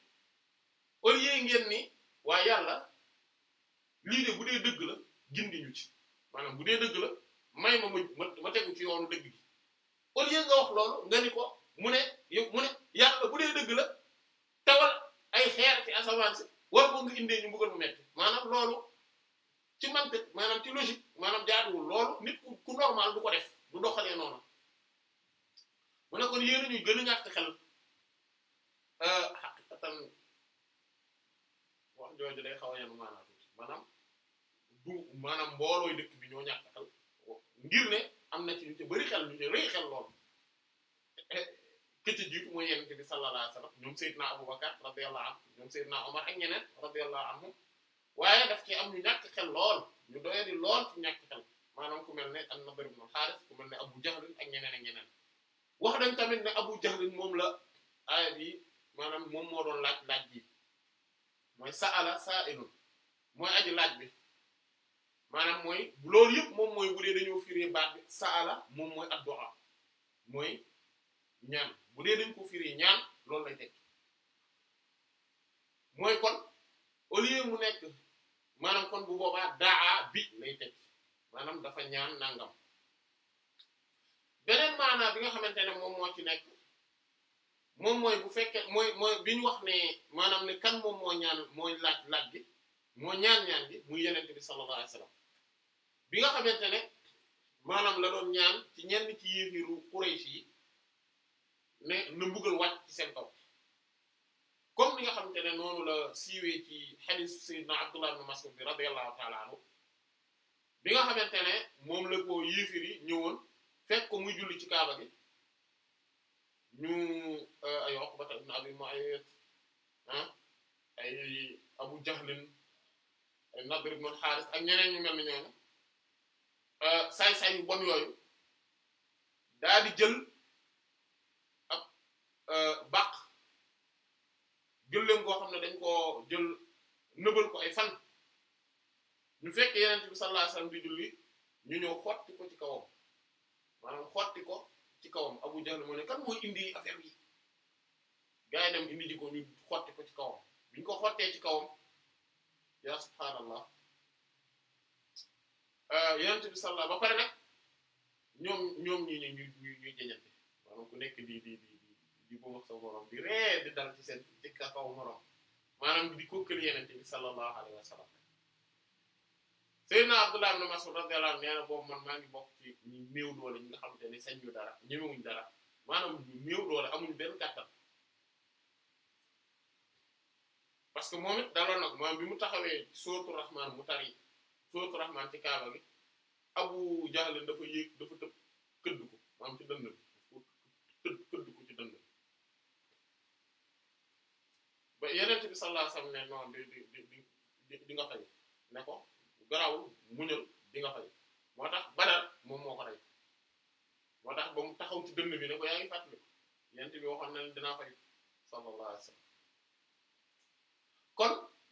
au ngeen ni waa yàlla lii de bu dee dëgg la gindi ñu ci maanaam bu dee dëgg la may ma ma ma tegu ci yoonu dëgg gi au nga wax loolu nga ni ko mu ne yow mu ne bu dee dëgg la tawal ay xeer ci asamaan si war ko nga indee ñu bëggoon mu metti maanaam loolu ci mantiq maanaam ci logique maanaam jaaduwul loolu nit ku normal du ko def du doxalee noonu mu ne kon yéen ñuy gën a ñàkk xel euh, jooju day xaw a yenu maanaam tuuti maanaam du maanaam mboolooy dëkk bi ñoo ñàkk xel ngir ne am na ci ñu ci bëri xel ñu ci rëy xel lool këcc jiitu mooy yonent bi sallallahu alayhi wasallam ñoom Seydina Abubakar radiyallahu anhu ñoom Seydina Omar waaye daf ci am ñu ñàkk xel lool ñu doyadi lool ci ñàkk xel maanaam ku mel ne an-Nadr ibn al ne Abu Jahl ak ñeneen ak ñeneen wax dañ tamit ne Abu Jahl moom la aaya bi maanaam moom moo doon laaj laaj bi. mooy sa sa'ilun mooy aji laaj bi maanaam mooy loolu yëpp moom mooy bu dee dañoo firee baat bi sa'ala moom mooy addu'a mooy ñaan bu dee dañ ko firee ñaan loolu lay tekki mooy kon au mu nekk maanaam kon bu boobaa daa bi lay tekki maanaam dafa ñaan nangam beneen maanaa bi nga xamante ne moom moo ci nekk moom mooy bu fekkee mooy mooy bi ñu wax ne maanaam ne kan moom moo ñaan mooy laaj laaj bi moo ñaan ñaan bi muy yenente bi sallallahu alayhi wasallam bi nga xamante ne maanaam la doon ñaan ci ñenn ci yéefiru Quraysh yi ne na mbugal wàcc ci seen kaw comme bi nga xamante ne noonu la siiwee ci hadith sayyidina Abdullah ibn Mas'ud bi radiyallahu ta'ala anhu bi nga xamante ne moom la ko yéefir yi ñëwoon fekk ko muy julli ci kaaba gi ñu euh, ay Uqbata ibn Abi Mu'ayt ah, ay Abu Jahlin ay Nadr ibn al ak ñeneen ñu mel ni ñooñu euh, saay-saay yu bon yooyu daa jël ab euh, bàq gëléem goo xam ne dañ koo jël nëbal ko ay fan ñu fekk Yonent bi sallallahu alayhi wasallam julli ñu ñëw xotti ko ci kawam maanaam xotti ko ci kawam Abu Jahl moo ne kan mooy indi affaire bi gars yi dem indi ji ko ñu xotti ko ci kawam bi ñu ko xottee ci kawam yaa subhaanallah euh, yonent bi sallallahu ba pare nag ñoom ñoom ñi ñu ñu ñuy jëñante maanaam ku nekk di di di di ko wax sa di ree dal ci seen ci kaw morom maanaam di kokkali yonent bi sallallahu alayhi wa Seydina Abdullah ibn Mas'ud radiyallahu anhu nee na boobu man maa ngi bokk ci ñu néew doole ñi nga xamante ne sañ ñu dara ñemewuñ dara maanaam ñu néew doole amuñ benn kàttan parce que moom it daloon nag maanaam bi mu taxawee sóotu Rahman mu tari sóotu Rahman ci Kaaba gi Abu Jahl dafa yéeg dafa tëb këdd ko maanaam ci dënd këdd ko ci dënd ba Yonent bi sallallahu alayhi ne non di di di di nga fay ne garawul mu di nga fay moo tax badar moom moo ko rey moo tax ba mu taxaw ci dënn bi ne ko yaa ngi fàttali yent bi waxoon na leen dinaa fay sallallahu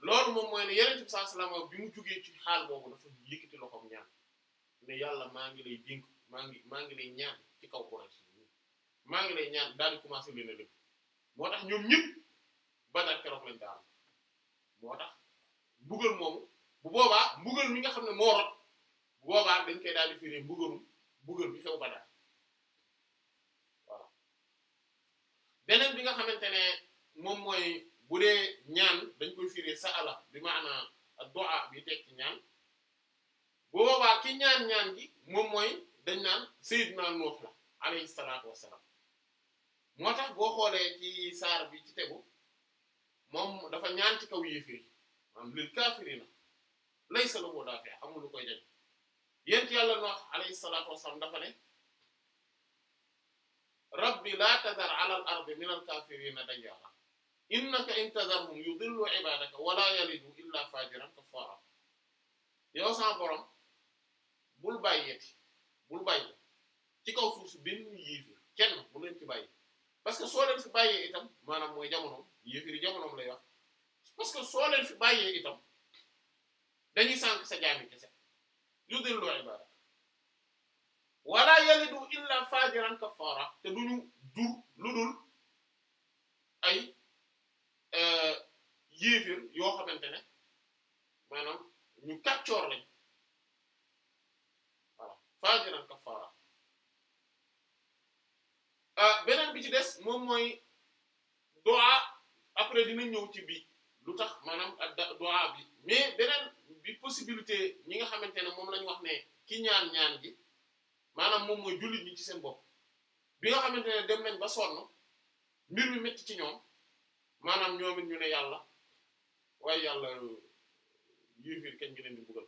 loolu moom mooy ne yeneen bi bi mu jugee ci xaal boobu dafa yëkkati loxoom ñaan ne yàlla maa ngi lay dénk maa ngi maa ngi lay ñaan ci kaw Quraysh maa ngi lay ñaan daal di commencé leen a dëgg moo tax ñoom ñëpp badar keroog lañ daal moo tax bugal moomu bu boobaa mbugal mi nga xam ne moo rot bu boobaa dañ koy daal di firé mbugalu mbugal bi xew Badar waaw beneen bi nga xamante ne moom mooy bu dee ñaan dañ koy firé sa'ala bi maanaam du'a bi ñaan bu boobaa ki ñaan moom mooy dañ naan sayyidna Nuh la alayhi salaatu tax boo xoolee ci saar bi ci moom dafa ñaan ci kaw laysa lahu daafi' amul lu koy jëriñ yéen ci yàlla Nuux rabbi laa tadar ala min al kaafiriina dayyaara innaka in tadarhum yudillu ibaadaka wa laa yalidu illaa faajiran kaffaara yow borom bul bàyyeeti bul bàyyi ci kaw suuf si benn kenn bu leen ci bàyyi parce que soo leen fi bàyyee itam maanaam mooy jamonoom yéefiri jamonoom lay parce que soo fi bàyyee itam. dañuy sànq sa jaami kese yudillu ibaada wala yalidu illa fajiran kafara te duñu jur lu dul ay euh, yéefir yoo xamante ne maanaam ñu kàccoor lañ voilà fajiran kafara euh, beneen bi ci des moom mooy doa après dina ñëw ci lu tax maanaam ak bi mais beneen bi possibilité ñi nga xamante ne moom lañu wax ne ki ñaan ñaan gi maanaam moom mooy jullit ñi ci seen bopp bi nga xamante ne dem nañ ba sonn mbir mi métti ci ñoom maanaam ñoomit ñu ne yàlla waaye yàlla yéefir kenn gi leen di buggal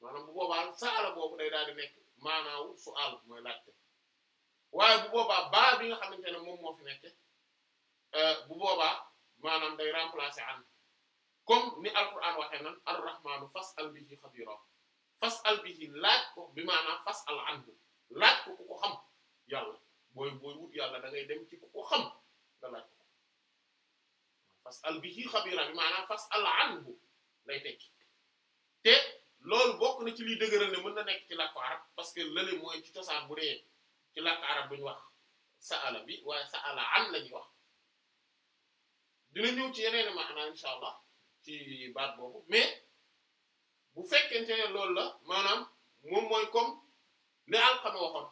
maanaam bu boobaa saala boobu day daal di nekk maanaawu su àll mooy laajte waaye bu boobaa baa bi nga xamante ne moom moo fi nekk euh, bu boobaa maanaam day remplacer am comme ni alquran waxee nan arrahmaanu fas'al bihi xabira fas'al bihi laaj ko bi maanaam fas'al anhu laaj ko ku ko xam yàlla booy booy wut yàlla da ngay dem ci ku ko xam nga laaj ko fas'al bihi xabira bi maanaam fas'al anhu lay tekki te loolu bokk na ci liy dëgëral ne mën na nekk ci làkku arab parce que lële mooy ci cosaan bu dee ci làkku arab bu ñu wax sa'ala bi waaye sa'ala an lañuy ñuy wax dina ñëw ci yeneen maanaam incha allah. ci baat boobu mais bu fekkee ne loolu la maanaam moom mooy comme li Alqama waxoon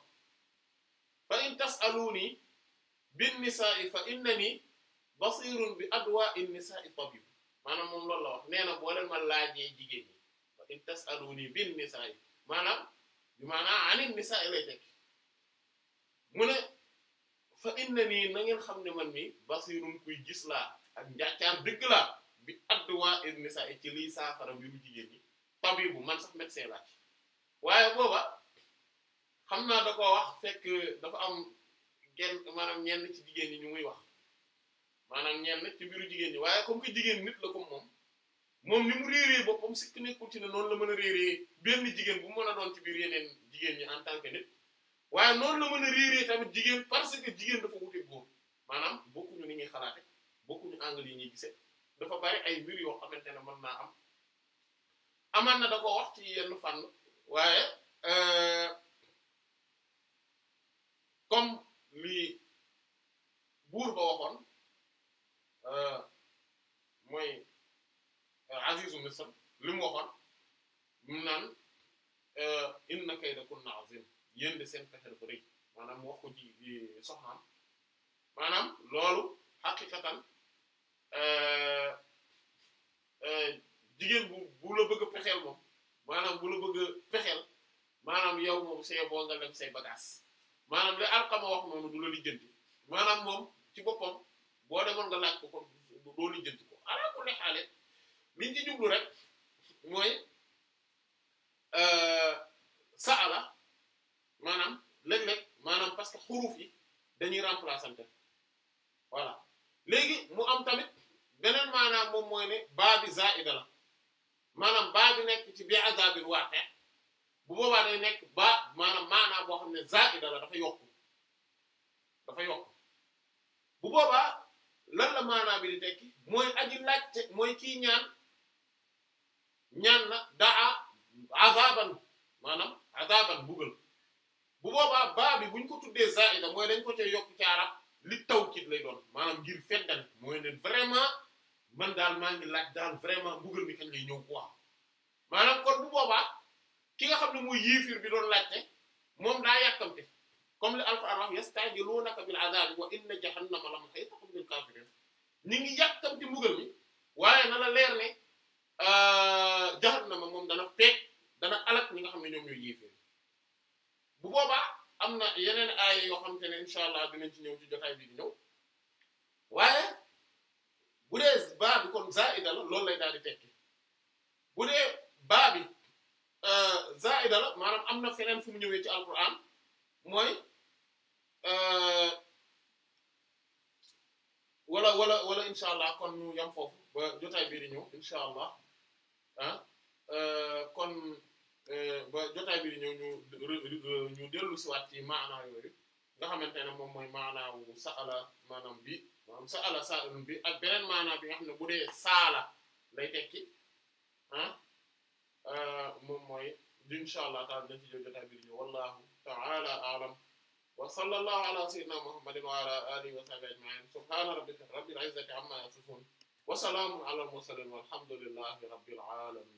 fa in tas'aluni bin nisa'i fa innani basirun bi adwa'i nisa'i tabib maanaam moom loolu la wax nee na boo leen ma jigéen ñi fa in tas'aluni bin nisa'i maanaam bi maanaam anin nisa'i lay tekk mu ne fa innani na ngeen xam ne man mi basirun kuy gis laa ak njàccaar dëgg laa bi adduwaa en nisaa ci liy saafara mbiru jigéen ñi bu man sax médecin laa waaye booba xam naa da koo wax fekk dafa am genn maanaam ñenn ci jigéen ñi ñu muy wax maanaam ñenn ci mbiru jigéen ñi waaye comme que jigéen nit la comme moom ni mu réeree boppam sikk nekkul ci ne noonu la mën a réeree benn jigéen bu mu mën a doon ci biir yeneen jigéen ñi en tant que nit waaye noonu la mën a réeree tamit jigéen parce que jigéen dafa wute góor maanaam bokkuñu ñuy xalaate bokkuñu yi ñuy gisee dafa bari ay mbir yoo xamante ne mën naa am amaan na da wax ci yenn fan waaye euh, comme lii buur ba waxoon euh, mooy euh, azizu misr li mu waxoon mu naan inna kaydakunna azim yéen de seen pexe dafa rëy maanaam wax ko ji soxnaam maanaam loolu xaqiqatan Euh, euh, jigéen bu bu la bëgg a pexeel moom maanaam bu la bëgg a pexeel maanaam yow moom see boo nga dem say bagaas maanaam li Alqama wax noonu du la lijjanti maanaam moom ci boppam boo demoon nga laaj ko kon doo lijjanti ko ala ko ne xaale liñ ci jublu rek mooy euh, saala maanaam léeg-léeg maanaam parce que xuruuf yi dañuy remplacer voilà léegi mu am tamit beneen maanaam moom mooy ne baa bi zaida la maanaam baa bi nekk ci bi azabin waaqi bu boobaa day nekk baa maanaam maanaam boo xam ne zaida la dafa yokk dafa yokku bu boobaa lan la maanaam bi di tekki mooy aji laajte mooy kii ñaan ñaan na daa azaban maanaam azaban bugal bu boobaa baa bi buñ ko tuddee zaida mooy dañ ko cee yokku ci arab li kiit lay doon maanaam ngir feddan moo ne vraiment man daal maa ngi laaj daal vraiment mbugal mi kañ lay ñëw quoi maanaam kon bu boobaa ki nga xam ne mooy yéefir bi doon laajte moom daa yàkkamte comme li alquran wax yasta'jilunaka bil azabi wa inna jahannama la muhitatun bil kafirin ñi ngi yàkkamte mbugal mi waaye na la leer ne euh, jahannama moom dana peeg dana alak ñi nga xam ne ñoom ñooy yéefir bu booba am na yeneen aaya yoo xamante ne incha allah dinañ ci ñëw ci jotaay bi di ñëw waaye bu dee baa kon zaida la loolu lay daal di tekki bu dee baa bi euh, zaida la maanaam am na feneen fu mu ñëwee ci alquran mooy euh, wala wala wala incha allah kon yam foofu ba jotaay bi di ñëw incha allah ah, euh, kon. Eh, ba jotaay bi di ñëw ñu ñu dellu si waat ci maanaa yooyu nga xamante ne moom mooy maanaa wu sa'ala maanaam bi maanaam sa'ala sa'ilun bi ak beneen maanaa bi nga xam ne bu dee saala lay tekki ah, ah moom mooy incha allah taala dañ ci jël jotaay bi di ñëw wallahu ta'ala a'lam wa sallallahu ala sayyidina muhammadin wa ala alihi wa sahbihi ajma'in subhana rabbika rabbil izzati amma yasifun wa salamun ala al mursalin walhamdulillahi rabbil alamin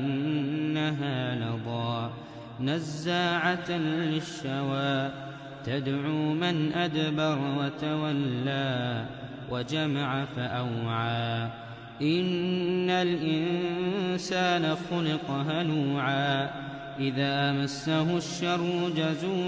نزاعة للشوى تدعو من أدبر وتولى وجمع فأوعى إن الإنسان خلق هلوعا إذا مسه الشر جزوعا